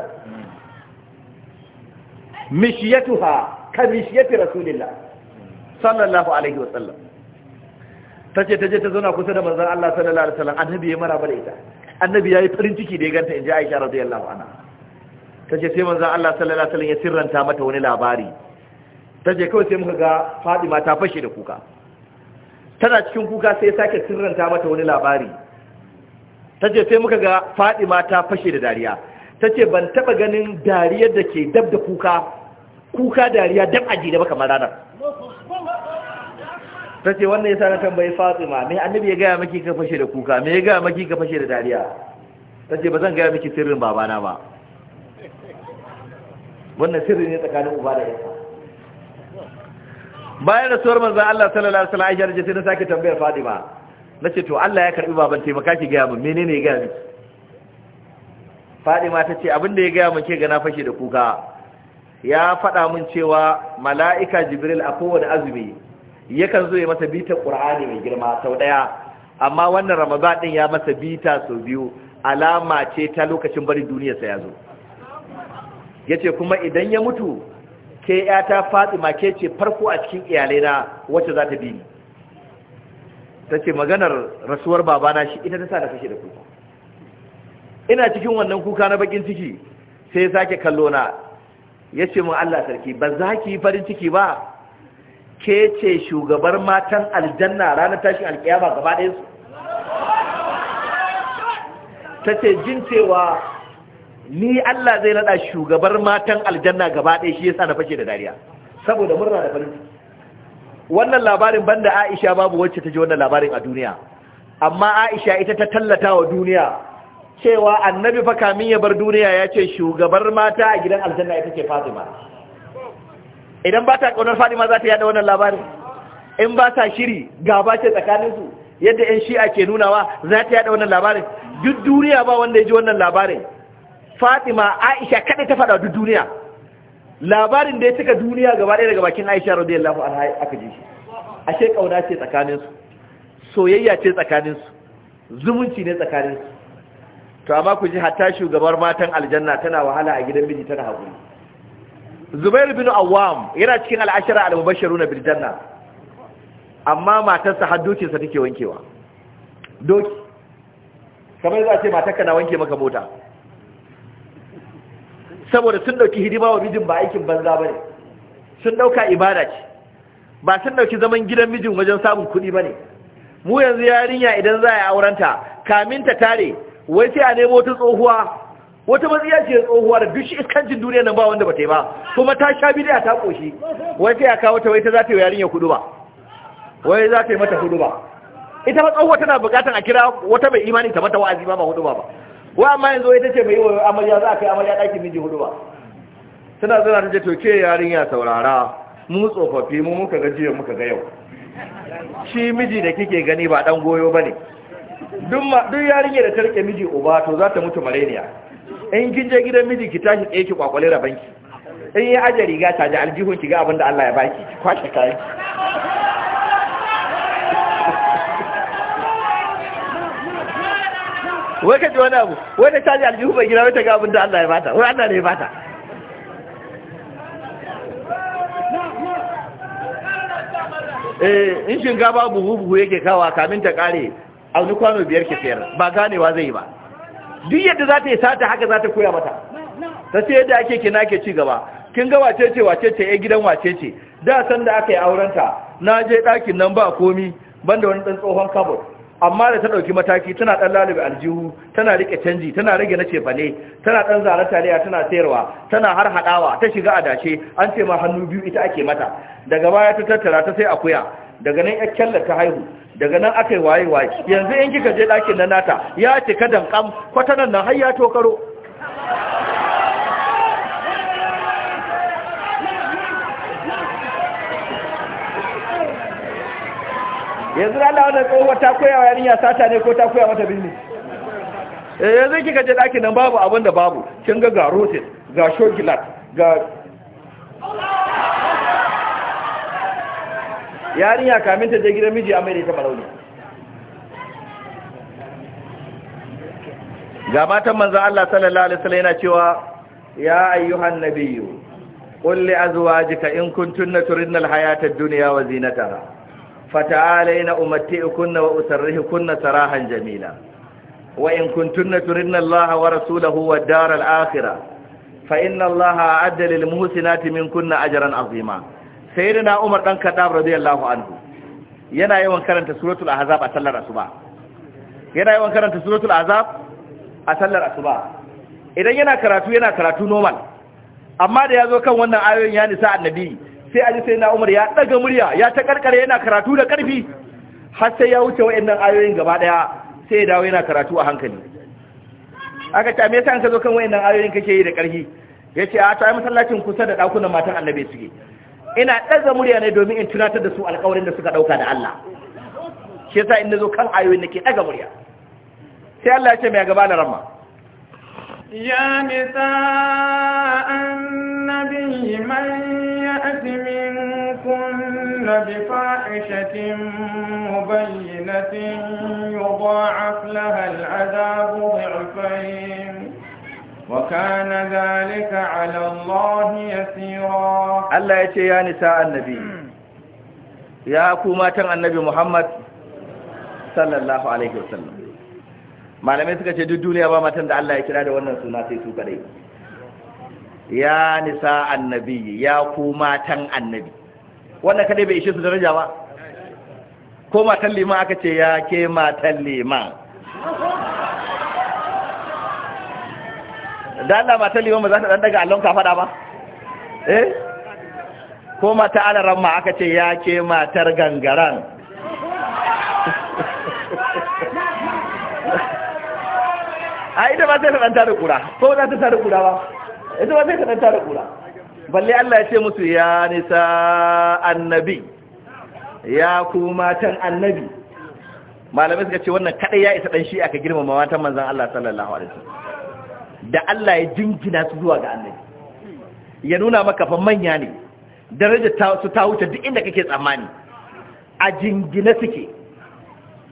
mishiyatuha ka mishiyati rasulillah sallallahu alaihi wa sallam. tace taje ta zauna kusa da manzon Allah sallallahu alaihi sallam annabi ya maraba da ita annabi yayi farin ciki da ya ganta inji Aisha radiyallahu anha tace sai manzon Allah sallallahu alaihi sallam ya sirranta mata wani labari tace kawai sai muka ga Fatima ta fashe da kuka tana cikin kuka sai sake sirranta mata wani labari tace sai muka ga Fatima ta fashe da dariya ta ce ban taɓa ganin dariyar da ke dab da kuka kuka dariya dab a jini ba kamar ranar ta ce wannan ya sa na tambayi fatima mai annabi ya gaya maki ka fashe da kuka mai ya gaya maki ka fashe da dariya ta ce ba zan gaya maki sirrin babana ba wannan sirri ne tsakanin uba da yasa bayan suwar manzan Allah sallallahu alaihi wasallam Aisha ta ce na sake tambayar Fatima ce to Allah ya karbi baban taimaka ki gaya mu menene ya gaya miki fadima ta ce abinda ya gaya muke na fashe da kuka ya faɗa min cewa mala'ika jibril a kowane azumi yakan zo ya masa bitar ƙura'ani mai girma sau ɗaya amma wannan ramadan ya masa bita sau biyu alama ce ta lokacin bari duniyarsa ya zo ya ce kuma idan ya mutu ke ta ma ke ce farko a cikin iyalaina wacce za ta bi ta ce maganar rasuwar babana shi ita ta sa da fashe da kuka ina cikin wannan kuka na bakin ciki sai sake kallo na ya ce mun Allah sarki ba za ki yi farin ciki ba ke ce shugabar matan aljanna ranar tashin alkiyama gaba ɗaya su ta ce jin cewa ni Allah zai nada shugabar matan aljanna gaba ɗaya shi yasa na fashe da dariya saboda murna da farin ciki wannan labarin banda Aisha babu wacce ta ji wannan labarin a duniya amma Aisha ita ta tallata wa duniya cewa annabi fa kamin ya bar duniya ya ce shugabar mata a gidan aljanna ita ce fatima idan ba ta ƙaunar fatima za ta yada wannan labarin in ba ta shiri gaba ce tsakaninsu yadda 'yan shi'a ke nunawa za ta yada wannan labarin duk duniya ba wanda ya ji wannan labarin fatima aisha kada ta faɗa duk duniya labarin da ya cika duniya gaba ɗaya daga bakin aisha radiyallahu anha aka ji shi ashe ƙauna ce tsakaninsu soyayya ce tsakaninsu zumunci ne tsakaninsu to amma ku ji hatta shugabar matan aljanna tana wahala a gidan miji tana haƙuri Zubairu bin awam yana cikin al'ashara al-mubashshiruna bil janna amma matarsa hadducin sa take wankewa doki kamar za a ce matarka na wanke maka mota saboda sun dauki hidima wa mijin ba aikin banza bane sun dauka ibada ce ba sun dauki zaman gidan mijin wajen samun kuɗi bane mu yanzu yarinya idan za a yi aurenta kamin ta tare wai sai a nemo wata tsohuwa wata matsiya ce tsohuwa da duk iskancin duniya nan ba wanda ba ta yi ba kuma ta sha bidiya ta koshi wai sai a kawo ta wai ta za ta yi yarinya kudu ba wai za ta yi mata hudu ba ita ma tsohuwa tana bukatan a kira wata mai imani ta mata wa'azi ba ba hudu ba ba wa amma yanzu wai ta ce mai wa amarya za a kai amarya ɗakin miji hudu ba tana zana ta ce to ke yarinya saurara mu tsofaffi mu muka ga jiya muka ga yau shi miji da kike gani ba ɗan goyo bane duk yarinya da ta rike miji uba to za ta mutu mareniya in kin je gidan miji ki tashi tsaye ki kwakwale rabanki in yi aje riga ta ji aljihun ki ga abin da Allah ya baki ki kwashe kayan wai ka ji wani abu wai da ta ji aljihu bai gina ta ga abin da Allah ya bata wai Allah ne ya bata eh in shinkafa buhu buhu yake kawa kamin ta kare a wani kwano biyar ke sayar ba ganewa zai yi ba duk yadda za ta yi sata haka za ta koya mata ta sai yadda ake kina ke ci gaba kin ga wace ce wace ce ya gidan wace ce da san da aka yi aurenta na je ɗakin nan ba komi banda wani ɗan tsohon kabur amma da ta ɗauki mataki tana ɗan lalube aljihu tana rike canji tana rage na cefane tana ɗan zara taliya tana sayarwa tana har haɗawa ta shiga adashe an ce ma hannu biyu ita ake mata daga baya ta tattara ta sai akuya daga nan ya kyalla ta haihu daga nan aka yi waye waye yanzu in kika je ɗakin na nata ya cika dankam kwatanan nan har ya tokaro yanzu da Allah wannan tsohuwar ta koya wa yarinya sata ne ko ta koya mata birni. Eh, yanzu kika je ɗakin nan babu abin da babu kin ga ga rotin ga shogilat ga yarinya kamin ta je gidan miji a mai da ita barauni ga matan manzan Allah sallallahu alaihi wasallam yana cewa ya ayyuhan nabiyyu qul li azwajika in kuntunna turidna alhayata ad-dunya wa zinataha fata'alayna umatti'ukunna wa usarrihukunna sarahan jamila wa in kuntunna turidna Allah wa rasulahu wa wad daral akhirah fa inna Allah a'adda lil muhsinati minkunna ajran azima sayyidina Umar dan Khattab radiyallahu anhu yana yawan karanta suratul ahzab a sallar asuba yana yawan karanta suratul ahzab a sallar asuba idan yana karatu yana karatu normal amma da yazo kan wannan ayoyin ya nisa annabi sai aji na Umar ya daga murya ya ta karkare yana karatu da karfi har sai ya wuce wayannan ayoyin gaba daya sai ya dawo yana karatu a hankali aka ce me yasa an ka zo kan wayannan ayoyin kake yi da karfi yace a ta masallacin kusa da dakunan matan annabi suke ina ɗaga murya ne domin in tunatar da su alƙawarin da suka ɗauka da Allah shi yasa in nazo kan ayoyin ke ɗaga murya sai Allah ya ce mai gaba da ramma ya nisa annabi man ya'ti minkum bi fahishatin mubayyinatin yudha'af laha al'adabu dhi'fayn وكان ذلك على الله يسيرا الله يتي يا نساء النبي يا كما تن النبي محمد صلى الله عليه وسلم malamai suka ce duk duniya ba matan da Allah ya kira da wannan suna sai su kadai ya nisa annabi ya ku matan annabi wannan kadai bai ishe su daraja ba ko matan liman aka ce ya ke matan liman da Allah matar liman ba za ta dan daga allon ka fada ba eh ko mata alaran ma aka ce ya ke matar gangaran (laughs) a ita ba sai ta danta da kura ko za ta tare kura ba ita ba sai ta danta da kura balle Allah ya ce musu ya nisa annabi ya ku matan annabi malamai suka ce wannan kadai ya isa dan shi aka girmama matan manzon Allah sallallahu alaihi wasallam da Allah ya jingina su zuwa ga annabi ya nuna maka fa manya ne daraja su ta wuce duk inda kake tsammani a jingina suke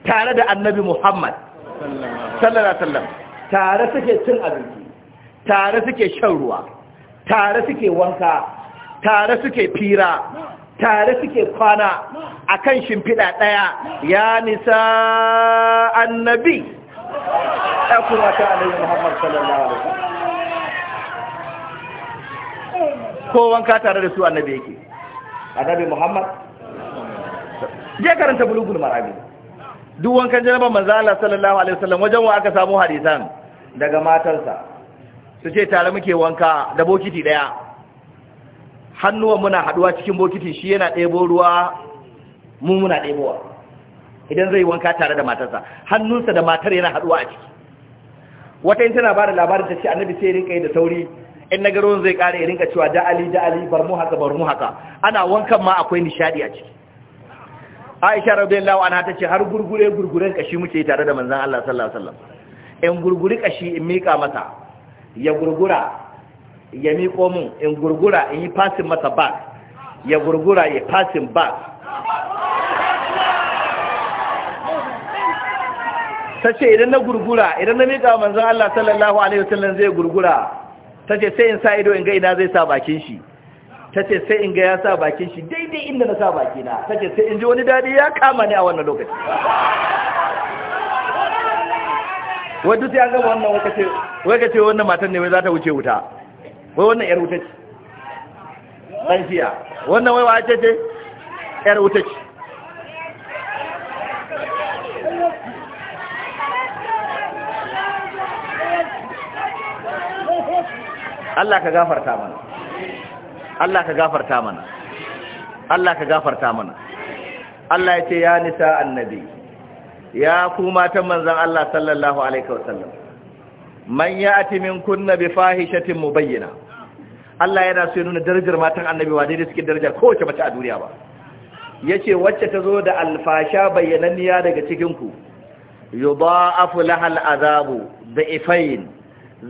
tare da annabi Muhammad sallallahu alaihi wasallam tare suke cin abinci tare suke shan ruwa tare suke wanka tare suke fira tare suke kwana akan shimfiɗa ɗaya ya nisa annabi takura ta annabi Muhammad sallallahu alaihi wasallam ko wanka tare da su annabi yake annabi Muhammad je karanta bulugul marami duk wankan janaban manzo Allah sallallahu alaihi wasallam wajen wa aka samu hadisan daga matarsa su ce tare muke wanka da bokiti daya hannuwan muna haduwa cikin bokiti shi yana ɗebo ruwa mu muna ɗebowa idan zai wanka tare da matarsa hannunsa da matar yana haduwa a ciki wata yin tana ba da labarin ta ce annabi sai rinka yi da sauri in na garo zai kare ya rinka cewa da'ali da'ali bar mu haka bar mu haka ana wankan ma akwai nishadi a ciki Aisha radiyallahu anha ta ce har gurgure gurguren kashi muke yi tare da manzon Allah sallallahu alaihi wasallam in gurguri kashi in mika masa ya gurgura ya miko mun in gurgura in yi passing masa back ya gurgura ya passing back ta ce idan na gurgura idan na miƙa manzan Allah sallallahu alaihi wasallam zai gurgura ta ce sai in sa ido in ga ina zai sa bakin shi ta ce sai in ga ya sa bakin shi daidai inda na sa bakina ta ce sai in ji wani dadi ya kama ni a wannan lokaci wadda sai an gaba wannan waka ce wannan matan ne wai za ta wuce wuta wai wannan yar wuta ce ɗan jiya. wannan wai wa ce ce yar wuta ce Allah ka gafarta mana Allah ka gafarta mana Allah ka gafarta mana Allah ya ce ya nisa annabi ya ku matan manzan Allah sallallahu alaihi wasallam man min kunna bi fahishatin mubayyana Allah yana so ya nuna darajar matan annabi wa daidai suke darajar kowace mace a duniya ba yace wacce ta zo da alfasha bayyananniya daga cikin ku yudha'afu lahal azabu bi'ifayn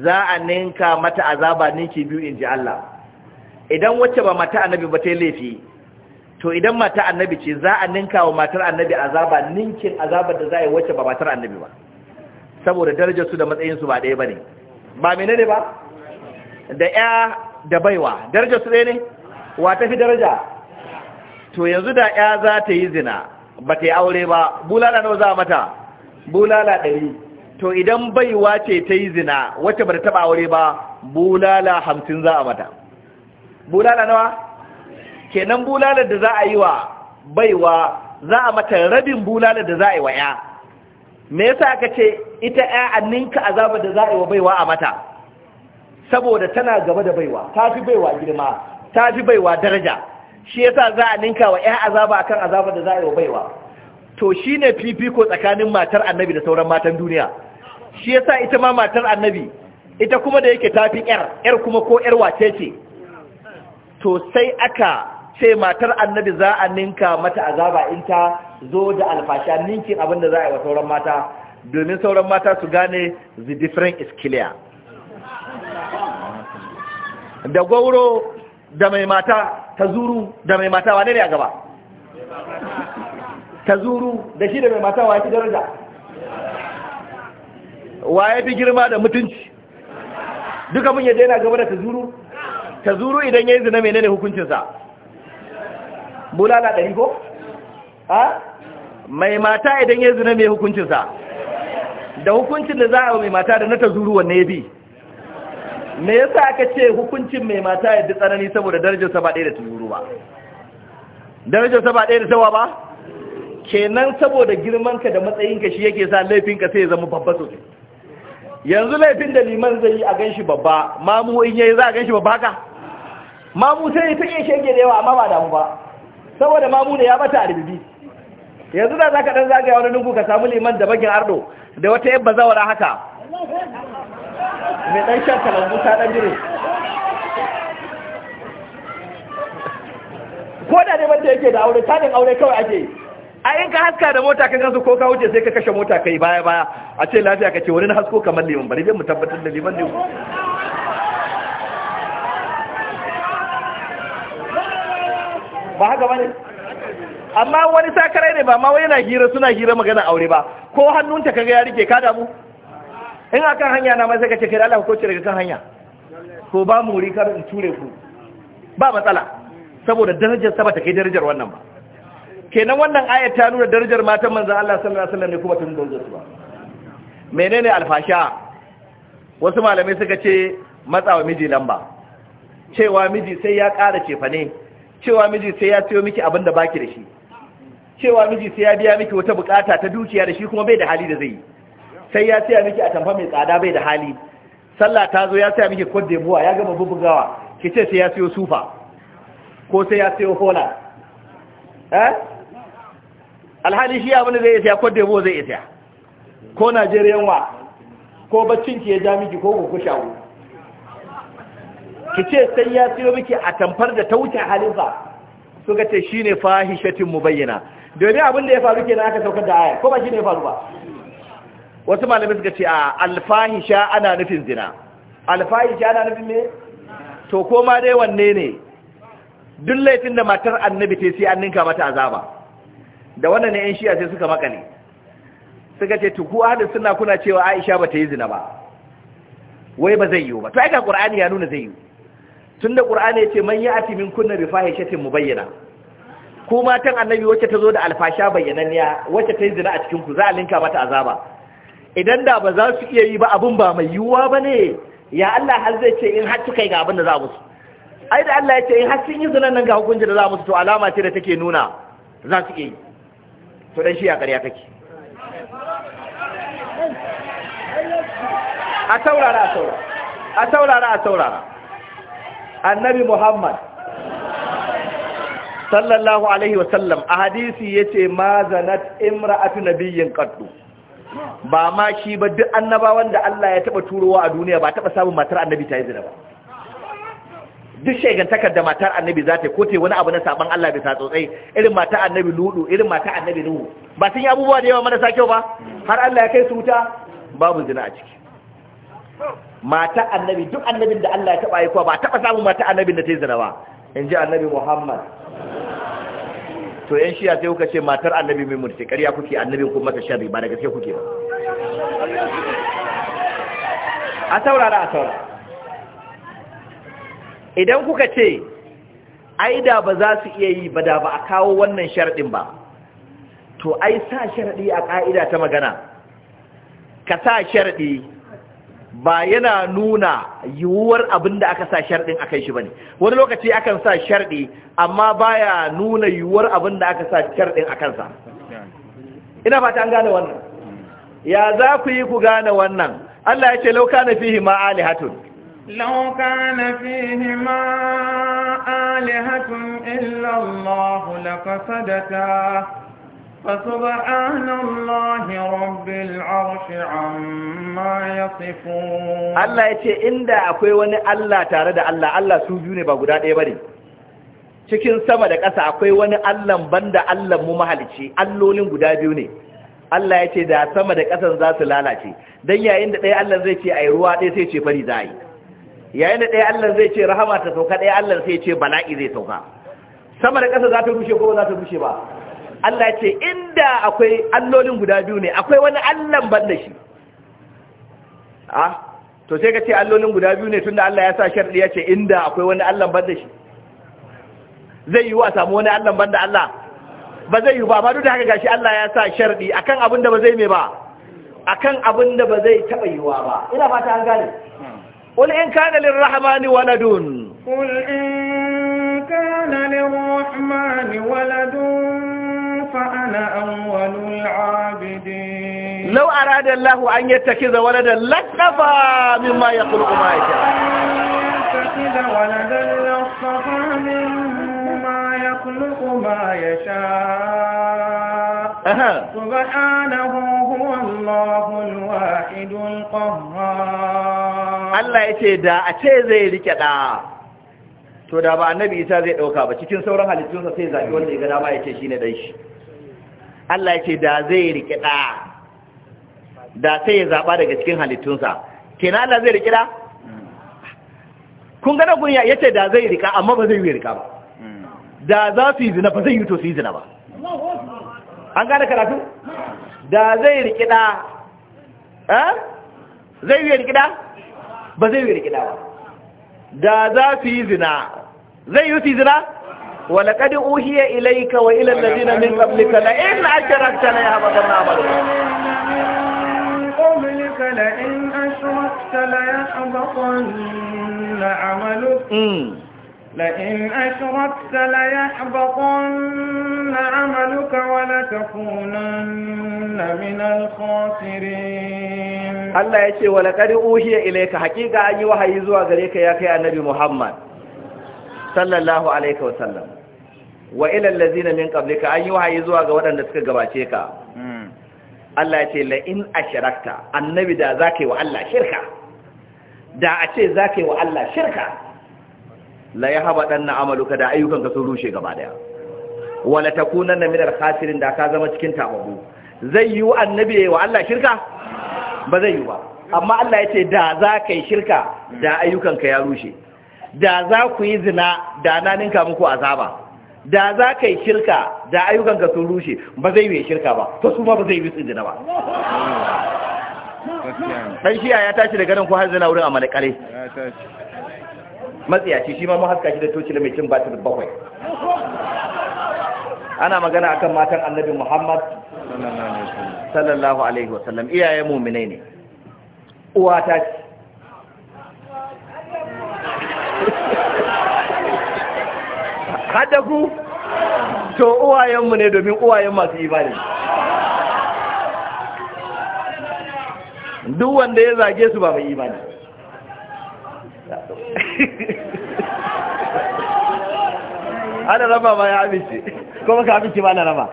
za a ninka mata azaba ninki biyu in ji Allah idan wacce ba mata annabi ba ta laifi to idan mata annabi ce za a ninka wa matar annabi azaba ninkin azabar da za a yi wacce ba matar annabi ba saboda darajar su da matsayin su ba ɗaya ba ne. ba menene ba da ya da baiwa darajar su ɗaya ne wa ta fi daraja to yanzu da ya za ta yi zina ba ta yi aure ba bulala nawa za mata bulala ɗari to idan baiwa ce ta yi zina wacce ba ta taba aure ba bulala hamsin za a mata bulala nawa kenan bulalar da za a yi wa baiwa za a mata rabin bulalar da za a yi wa ya me yasa aka ce ita ya anninka azabar da za a yi wa baiwa a mata saboda tana gaba da baiwa ta fi baiwa girma ta fi baiwa daraja shi yasa za a ninka wa ya azaba akan azabar da za a yi wa baiwa to shi ne fifiko tsakanin matar annabi da sauran matan duniya shi ya sa ita ma matar annabi ita kuma da yake tafi yar yar kuma ko yar wace ce to sai aka ce matar annabi za a ninka mata azaba in ta zo da alfasha ninkin abin da za a yi wa sauran mata domin sauran mata su gane the different is clear da gwauro da mai mata ta zuru da mai mata wane ne a gaba ta zuru da shi da mai mata wa ya fi daraja wa ya fi girma da mutunci duka mun yaje yana gaba da ta zuru ta zuru idan ya yi zina menene hukuncinsa bulala ɗari ko? ha? mai mata idan ya zina mai hukuncinsa da hukuncin da za a mai mata da na ta zuru wanne ya bi me yasa aka ce hukuncin mai mata ya bi tsanani saboda sa ba ɗaya da ta zuru ba sa ba ɗaya da tawa ba kenan saboda girmanka da matsayinka shi yake sa laifinka sai ya zama babba sosai yanzu laifin da liman zai yi a ganshi babba mamu in yayi za a ganshi babba haka mamu sai ya take shege da yawa amma ba damu ba saboda mamu ne ya bata arbibi yanzu da zaka dan zagaya wani lungu ka samu liman da bakin ardo da wata yabba zawara haka mai dan shan kalambu ta dan jire ko da ne banda yake da aure tanin aure kawai ake yi A in ka haska da mota kan gansu ko ka wuce sai ka kashe mota kai baya baya a ce lafiya ka ce wani na hasko kamar liman bari zai mu tabbatar da liman ne ba haka bane amma wani sakarai ne ba ma wani na hira suna hira magana aure ba ko hannunta kaga ya rike ka damu in akan hanya na mai sai ka ce kai Allah ko cire kan hanya ko ba mu wuri kar in ture ku ba matsala saboda darajar sa ta kai darajar wannan ba kenan wannan ayat ta nuna darajar matan manzon Allah sallallahu alaihi wasallam ne kuma tun darajar su ba menene alfasha wasu malamai suka ce matsawa miji lamba cewa miji sai ya ƙara cefane. ne cewa miji sai ya siyo miki abin da baki da shi cewa miji sai ya biya miki wata bukata ta dukiya da shi kuma bai da hali da zai yi sai ya siya miki a tamfa mai tsada bai da hali sallah ta zo ya siya miki kwadde buwa ya gama bubugawa kice ce sai ya siyo sufa ko sai ya siyo hola eh alhali shi abin da zai iya ko debo zai iya ko najeriyan wa ko baccin ki ya ja miki ko ku kusha ku ki ce sai ya siyo miki a tamfar da ta wuce halinsa suka ce shine fahishatin mubayyana domin abin da ya faru kenan aka saukar da aya ko ba shine ya faru ba wasu malamai suka ce a alfahisha ana nufin zina alfahisha ana nufin ne to koma dai wanne ne duk laifin da matar annabi ta sai an ninka mata azaba da wannan 'yan shiya sai suka makale suka ce tuku ahadin suna kuna cewa aisha ba ta yi zina ba wai ba zai yiwu ba to aika ƙur'ani ya nuna zai yiwu tun da ƙur'ani ya ce man yi ati min kunna bi fahishatin mu bayyana ko matan annabi wacce ta zo da alfasha bayyananniya wacce ta yi zina a cikin ku za a linka mata azaba idan da ba za su iya yi ba abin ba mai yiwuwa ba ne ya Allah har zai ce in har kai ga abin da za musu ai da Allah ya ce in har sun yi zinan nan ga hukuncin da za musu to alama ce da take nuna za su iya yi to dan shi ya ƙarya kake a saurara a saurara a saurara a saurara annabi muhammad sallallahu alaihi wasallam a hadisi ya ce ma zanat imra'atu nabiyyin qaddu ba ma shi ba duk annabawan da Allah ya taba turowa a duniya ba taba samun matar annabi ta yi zina ba duk shegantakar da matar annabi za ta ko ta wani abu na saban Allah bisa tsotsai irin matar annabi ludu irin matar annabi nuhu ba sun yi abubuwa da yawa sa kyau ba har Allah ya kai su wuta babu zina a ciki Matar annabi duk annabin da Allah ya taba yi kuwa ba taba samun matar annabin da ta yi zina ba in ji annabi Muhammad to yan shiya sai kuka ce matar annabi mai murtai ƙarya kuke annabin kuma ta sharri ba da gaske kuke ba a saurara a saurara idan kuka ce ai da ba za su iya yi ba da ba a kawo wannan sharɗin ba to ai sa sharɗi a ƙa'ida ta magana ka sa sharɗi ba yana nuna yiwuwar abin da aka sa sharɗin a kai shi ba ne wani lokaci akan sa sharɗi amma baya nuna yiwuwar abin da aka sa sharɗin a kansa ina fata an gane wannan ya za ku yi ku gane wannan Allah ya ce lauka na fihi ma alihatun لو كان فيهما آلهة إلا الله لفسدتا فسبحان الله رب العرش عما يصفون الله يتي إندا Allah وني الله تارد الله الله سوجوني بغدا ديبري cikin sama da ƙasa akwai wani Allah banda Allah mu mahalici allolin guda biyu ne Allah ya ce da sama da ƙasan za su lalace don yayin da ɗaya Allah zai ce ai ruwa ɗaya sai ce fari za a yi yayin da ɗaya Allah zai ce rahama ta sauka ɗaya Allah sai ce bala'i zai sauka sama da ƙasa za ta rushe ko ba za ta rushe ba Allah ce inda akwai allolin guda biyu ne akwai wani allan ban da shi ah to sai ka ce allolin guda biyu ne tunda Allah ya sa sharɗi ya ce inda akwai wani allan ban da shi zai yi wa samu wani allan ban da Allah ba zai yi ba ba duk da haka gashi Allah ya sa sharɗi akan abin da ba zai me ba akan abin da ba zai taɓa yiwa ba ina fata an gane قل إن كان للرحمن ولد قل إن كان للرحمن ولد فأنا أول العابدين لو أراد الله أن يتخذ ولدا لاصطفى مما يخلق ما يشاء أن يتخذ ولدا لاصطفى مما يخلق ما يشاء سبحانه هو الله الواحد القهار الله yace da a ce zai rike da to da ba annabi Isa zai dauka ba cikin sauran halittunsa sai zaɓi wanda ya ga dama yace shine dan shi Allah yace da zai rike da da sai ya zaba daga cikin halittunsa kina Allah zai rike da kun ga kun ya yace da zai rika amma ba zai yi rika ba hmm. da za su yi zina ba zai yi to su yi zina ba an gane karatu da zai rikida eh zai yi rikida ba zai yi rikida ba da za su yi zina zai yi su zina wala kadi uhiya ilayka wa ila alladhina min qablika la in ashrakta la yahbatanna amaluka لئن أشركت ليحبطن عملك لئن أشركت ليحبطن عملك ولتكونن من الخاسرين الله يشي ولقد أوحي إليك حقيقة أي وحي زوا غريك يا كي النبي محمد صلى الله عليه وسلم وإلى الذين من قبلك أي وحي زوا غودن دسك غباشيك الله يشي لئن أشركت النبي دا ذاكي وعلا شركة دا أشي ذاكي وعلا شركة la ya haba ɗan amaluka da ayyukanka sun rushe gaba daya wala takunan na minar khasirin da ka zama cikin tababu zai yi wa annabi wa Allah shirka ba zai yi ba amma Allah ya ce da za ka yi shirka da ayyukanka ya rushe da za ku yi zina da na ninka muku azaba da za ka yi shirka da ayyukanka sun rushe ba zai yi shirka ba to su ba zai yi zina ba dan shi ya tashi daga nan ko har zina wurin amalikare ya tashi matsiyaci shi ma mu haska shi da tocila mai cin batir bakwai ana magana akan matan annabi muhammad sallallahu alaihi wasallam iyaye muminai ne uwa ta ce hada ku to uwayenmu ne domin uwayen masu imani duk wanda ya zage su ba mai imani ana raba ba ya amince ko baka amince ba na raba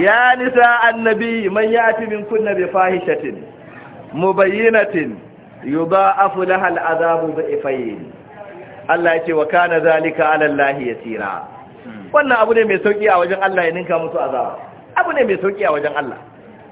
ya nisa annabi man yati min kunna bi fahishatin mubayyinatin yudha'afu laha al'adabu bi'ifayn Allah yace wa kana zalika 'ala Allah yasira hmm. wannan abu ne mai sauki a wajen Allah ya ninka musu azaba abu ne mai sauki a wajen Allah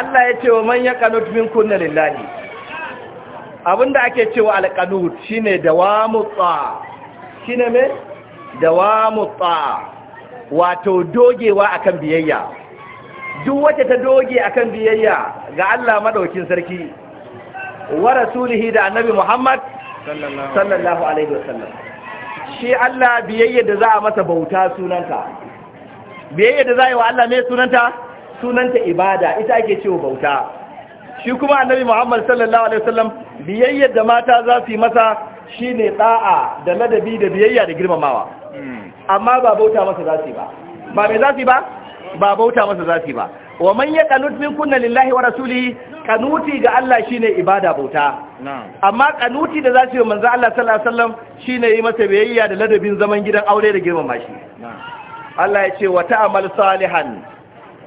Allah ya ce wa manyan kanut min kunna lillahi abinda ake cewa alkanut shine dawamutsa shine me dawamutsa wato dogewa akan biyayya duk wacce ta doge akan biyayya ga Allah madaukin sarki wa rasulihi da annabi Muhammad sallallahu alaihi wasallam shi Allah biyayya da za a masa bauta sunanta biyayya da za a yi wa Allah mai sunanta sunanta ibada ita ake cewa bauta shi kuma annabi Muhammad sallallahu alaihi wasallam biyayyar da mata za su yi masa shine da'a da ladabi da biyayya da girmamawa hmm. amma ba bauta masa za su yi ba ba mai za su yi ba ba bauta masa za su yi ba wa man min kunna lillahi wa rasulihi kanuti ga Allah shine ibada bauta amma kanuti da za su yi manzo Allah sallallahu alaihi wasallam shine yi masa biyayya da ladabin zaman gidan aure da girmama shi Allah ya ce wa ta'mal salihan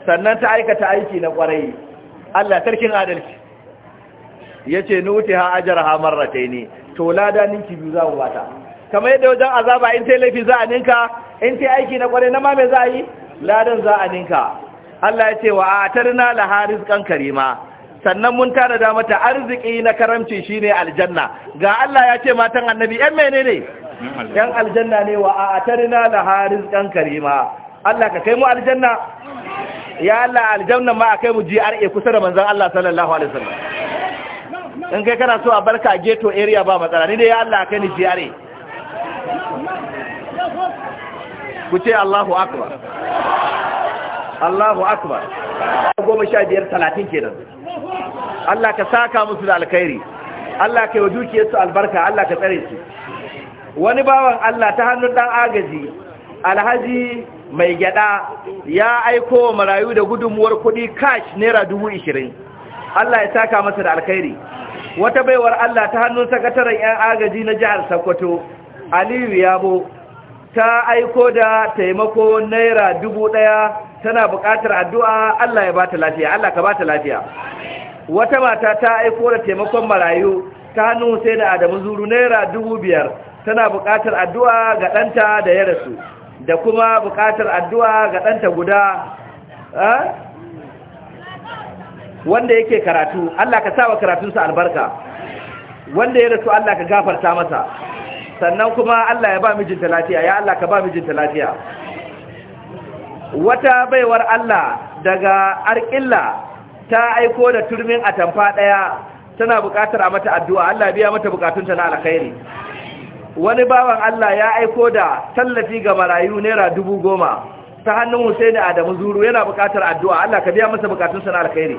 sannan ta aikata aiki na kwarai Allah tarkin adalci ajar ha ajraha ne. to lada ninki biyu za mu bata kamar yadda wajen azaba in ta laifi za a ninka in ta aiki na kwarai na ma me za a yi ladan za a ninka Allah ya ce wa na laharis kan karima sannan mun tana da mata arziki na karamci shine aljanna ga Allah ya ce matan annabi yan menene yan aljanna ne wa na laharis kan karima Allah ka kai mu aljanna ya Allah aljanna ma a kai mu GRA kusa da manzon Allah sallallahu alaihi wasallam in kai kana so a barka a ghetto area ba matsala ni dai ya Allah kai ni GRA ku ce Allahu akbar Allahu akbar goma sha biyar talatin kenan Allah ka saka musu da alkhairi Allah ka yi wa albarka Allah ka tsare su wani bawan Allah ta hannun dan agaji alhaji mai gyada ya aiko wa marayu da gudunmuwar kudi cash naira dubu ishirin Allah ya saka masa da alkhairi wata baiwar Allah ta hannun sakataren 'yan agaji na jihar Sokoto Aliyu Yabo ta aiko da taimako naira dubu ɗaya tana buƙatar addu'a Allah ya ba ta lafiya Allah ka ba ta lafiya wata mata ta aiko da taimakon marayu ta hannun sai Adamu Zuru naira dubu biyar tana buƙatar addu'a ga ɗanta da ya rasu da kuma bukatar addu'a ga ɗanta guda wanda yake karatu Allah ka sa wa karatunsa albarka wanda ya rasu Allah ka gafarta masa sannan kuma Allah ya ba mijinta lafiya ya Allah ka ba mijinta lafiya wata baiwar Allah daga arƙilla ta aiko da turmin atamfa ɗaya tana bukatar a mata addu'a Allah biya mata bukatunta na alkhairi wani bawan Allah ya aiko da tallafi ga marayu naira dubu goma ta hannun Hussein Adamu Zuru yana buƙatar addu'a Allah ka biya masa buƙatunsa na alkhairi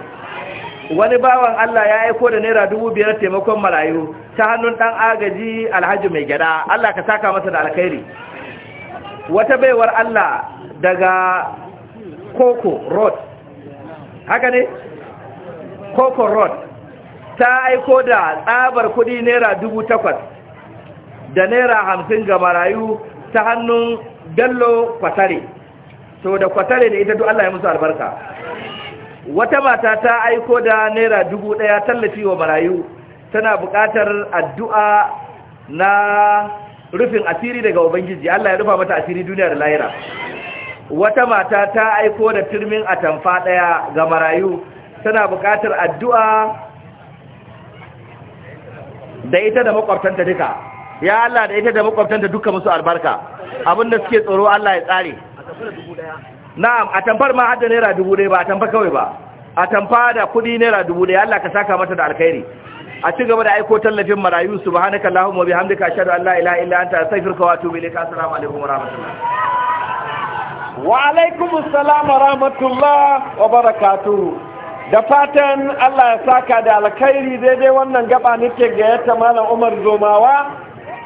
wani bawan Allah ya aiko da naira dubu biyar taimakon marayu ta hannun ɗan agaji alhaji mai gyada Allah ka saka masa da alkhairi wata baiwar Allah daga Koko Road haka ne Koko Road ta aiko da tsabar kuɗi naira dubu takwas da naira hamsin ga marayu ta hannun dallo kwatare to da kwatare da ita duk Allah ya musu albarka wata mata ta aiko da naira dubu ɗaya tallafi wa marayu tana buƙatar addu'a na rufin asiri daga ubangiji Allah ya rufa mata asiri duniya da lahira wata mata ta aiko da turmin atamfa ɗaya ga marayu tana buƙatar addu'a da ita da makwabtanta duka ya Allah da ita da makwabtanta duka musu albarka abinda suke tsoro Allah ya tsare na'am a tamfar ma hada naira dubu daya ba a tamfa kawai ba a tamfa da kuɗi naira dubu daya Allah ka saka mata da alkhairi a ci gaba da aiko tallafin marayu subhanaka allahumma wa bihamdika ashhadu an la ilaha illa anta astaghfiruka wa atubu ilayka assalamu alaikum wa rahmatullahi. wa alaikum assalam wa rahmatullahi wa barakatuh da fatan Allah ya saka da alkhairi daidai wannan gaba nake ga yatta malam Umar Zomawa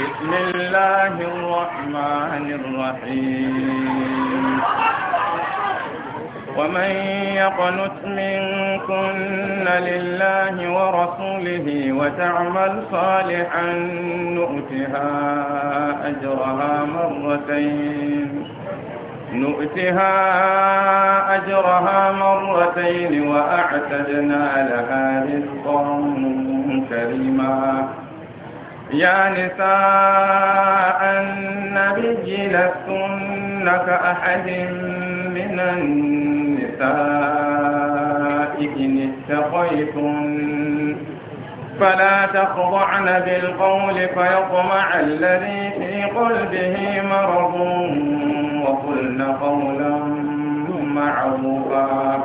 بسم الله الرحمن الرحيم ومن يقنت منكن لله ورسوله وتعمل صالحا نؤتها أجرها مرتين نؤتها أجرها مرتين وأعتدنا لها رزقا كريما يا نساء النبي لستن كأحد من النساء إن اتقيتن فلا تخضعن بالقول فيطمع الذي في قلبه مرض وقلن قولا معروفا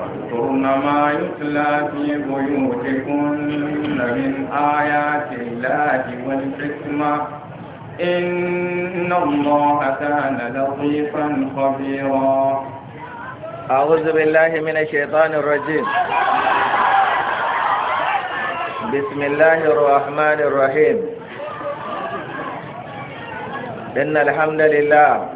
واذكرن ما يتلى في بيوتكن من آيات الله والحكمة إن الله كان لطيفا خبيرا أعوذ بالله من الشيطان الرجيم بسم الله الرحمن الرحيم إن الحمد لله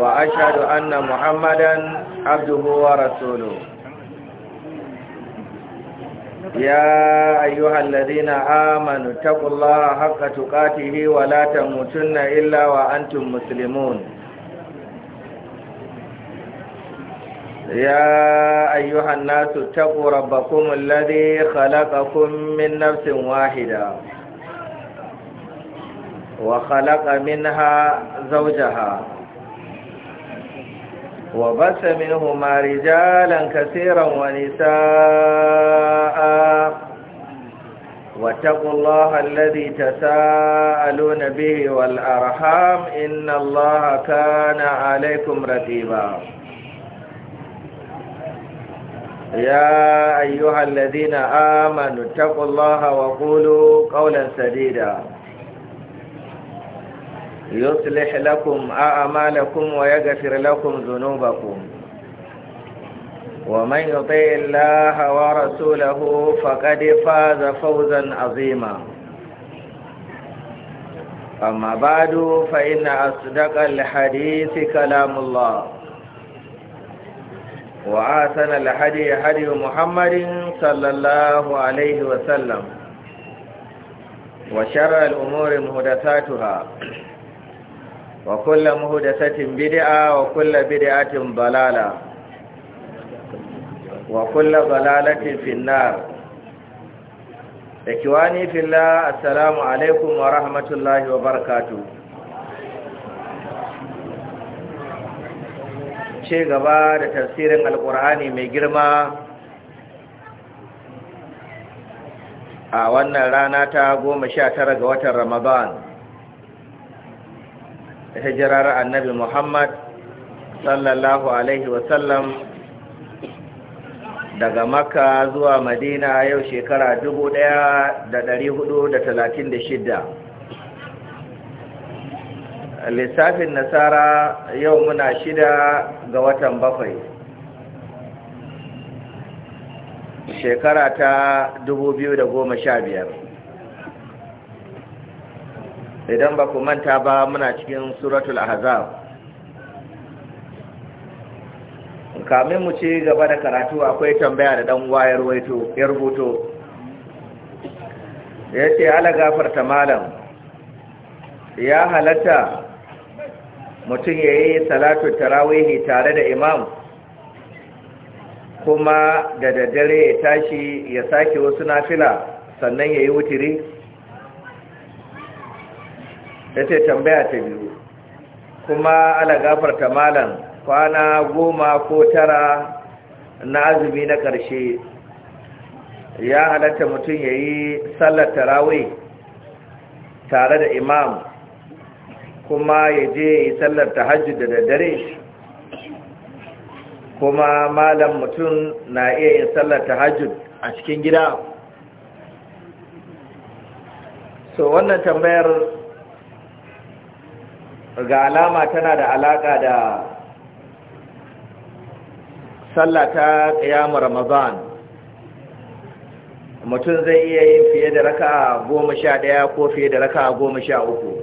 wa ashadu anna muhammadan abduhu wa rasulu ya ayyuhal ladhina amanu taqullaha haqqa tuqatih wa la tamutunna illa wa antum muslimun ya ayyuhan nasu taqu rabbakum alladhi khalaqakum min nafsin wahida wa khalaqa minha zawjaha وبث منهما رجالا كثيرا ونساء واتقوا الله الذي تساءلون به والأرحام إن الله كان عليكم رتيبا يا أيها الذين آمنوا اتقوا الله وقولوا قولا سديدا يصلح لكم أعمالكم ويغفر لكم ذنوبكم ومن يطيع الله ورسوله فقد فاز فوزا عظيما أما بعد فإن أصدق الحديث كلام الله وآثن الحدي حدي محمد صلى الله عليه وسلم وشر الأمور مهدثاتها wa kulla muhdathatin bid'a wa kulla bid'atin dalala wa kulla dalalatin finnar ikhwani fillah assalamu alaikum wa rahmatullahi wa barakatuh ce gaba da tafsirin alqur'ani mai girma a wannan rana ta 19 ga watan ramadan hijirar annabi muhammad sallallahu alaihi wasallam daga makka zuwa madina yau shekara dubu ɗaya da da talatin da shidda. lissafin nasara yau muna shida ga watan bakwai shekara ta dubu biyu da goma sha biyar. idan ba ku manta ba muna cikin suratul ahzab kamin mu ci gaba da karatu akwai tambaya da dan wayar waito ya rubuto ya ce ala gafarta malam ya halatta mutum ya yi salatu tarawihi tare da imam kuma da daddare ya tashi ya sake wasu nafila sannan ya yi wutiri ya ce tambaya ta biyu kuma ala gafarta malam kwana goma ko tara na azumi na ƙarshe ya halatta mutum ya yi sallar tarawai tare da imam kuma ya je ya yi sallar tahajjud da daddare kuma malam mutum na iya yin sallar tahajjud a cikin gida so wannan tambayar ga alama tana da alaka da sallah ta ƙiyamu ramadan mutum zai iya yi fiye da raka goma sha ɗaya ko fiye da raka goma sha uku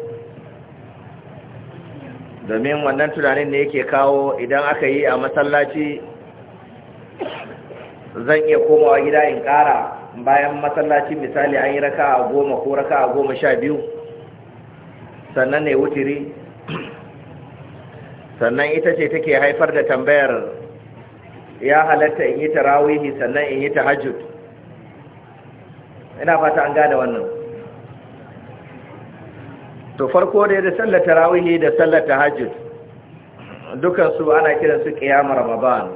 domin wannan tunanin ne yake kawo idan aka yi a masallaci zan iya komawa gida in ƙara bayan masallaci misali an yi raka goma ko raka goma sha biyu sannan ne wutiri sannan ita ce take haifar da tambayar ya halatta in yi tarawihi sannan in yi tahajjud ina fata an gane wannan to farko dai da sallar tarawihi da sallar tahajjud dukan su ana kiran su qiyam ramadan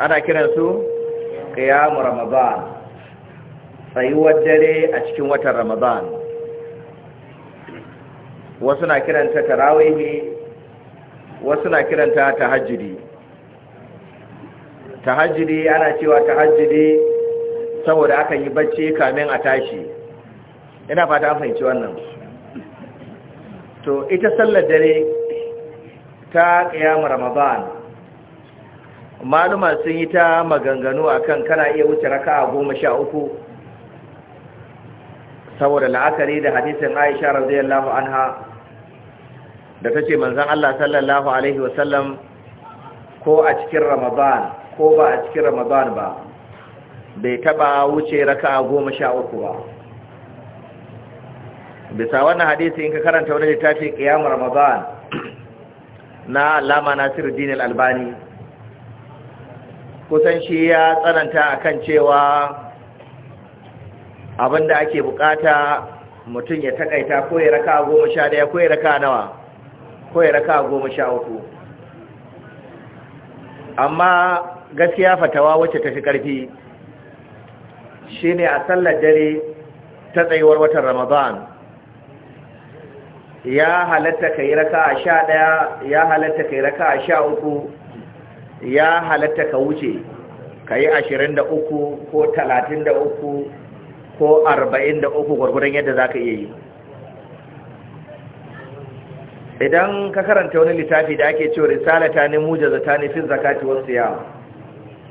ana kiran su qiyam ramadan tsayuwar dare a cikin watan ramadan wasu na kiranta tarawihi wasu na kiranta tahajjudi tahajjudi ana cewa tahajjudi saboda aka yi bacci kamin a tashi ina fata an fahimci wannan to ita sallar dare ta kiyama ramadan maluma sun yi ta maganganu akan kana iya wuce raka a goma sha uku saboda la'akari da hadisin aisha radiyallahu anha da ta ce manzan Allah sallallahu Alaihi wasallam ko a cikin ramadan ko ba a cikin ramadan ba bai taba wuce raka goma sha uku ba bisa wannan hadisi in ka karanta wani littafi ƙiyam ramadan na lama nasiru dinil albani kusan shi ya tsananta a kan cewa abinda ake bukata mutum ya takaita ko ya raka goma sha daya ko ya raka nawa ko ya raka goma sha uku amma gaskiya fatawa wacce ta fi ƙarfi shi a sallar dare ta tsayuwar watan ramadan ya halatta ka yi raka a sha ɗaya ya halatta ka yi raka a sha uku ya halatta ka wuce ka yi ashirin da uku ko talatin da uku ko arba'in da uku gwargwadon yadda za ka iya yi idan ka karanta wani littafi da ake cewa risalata ne mujazata ne fi zakati wasu yawa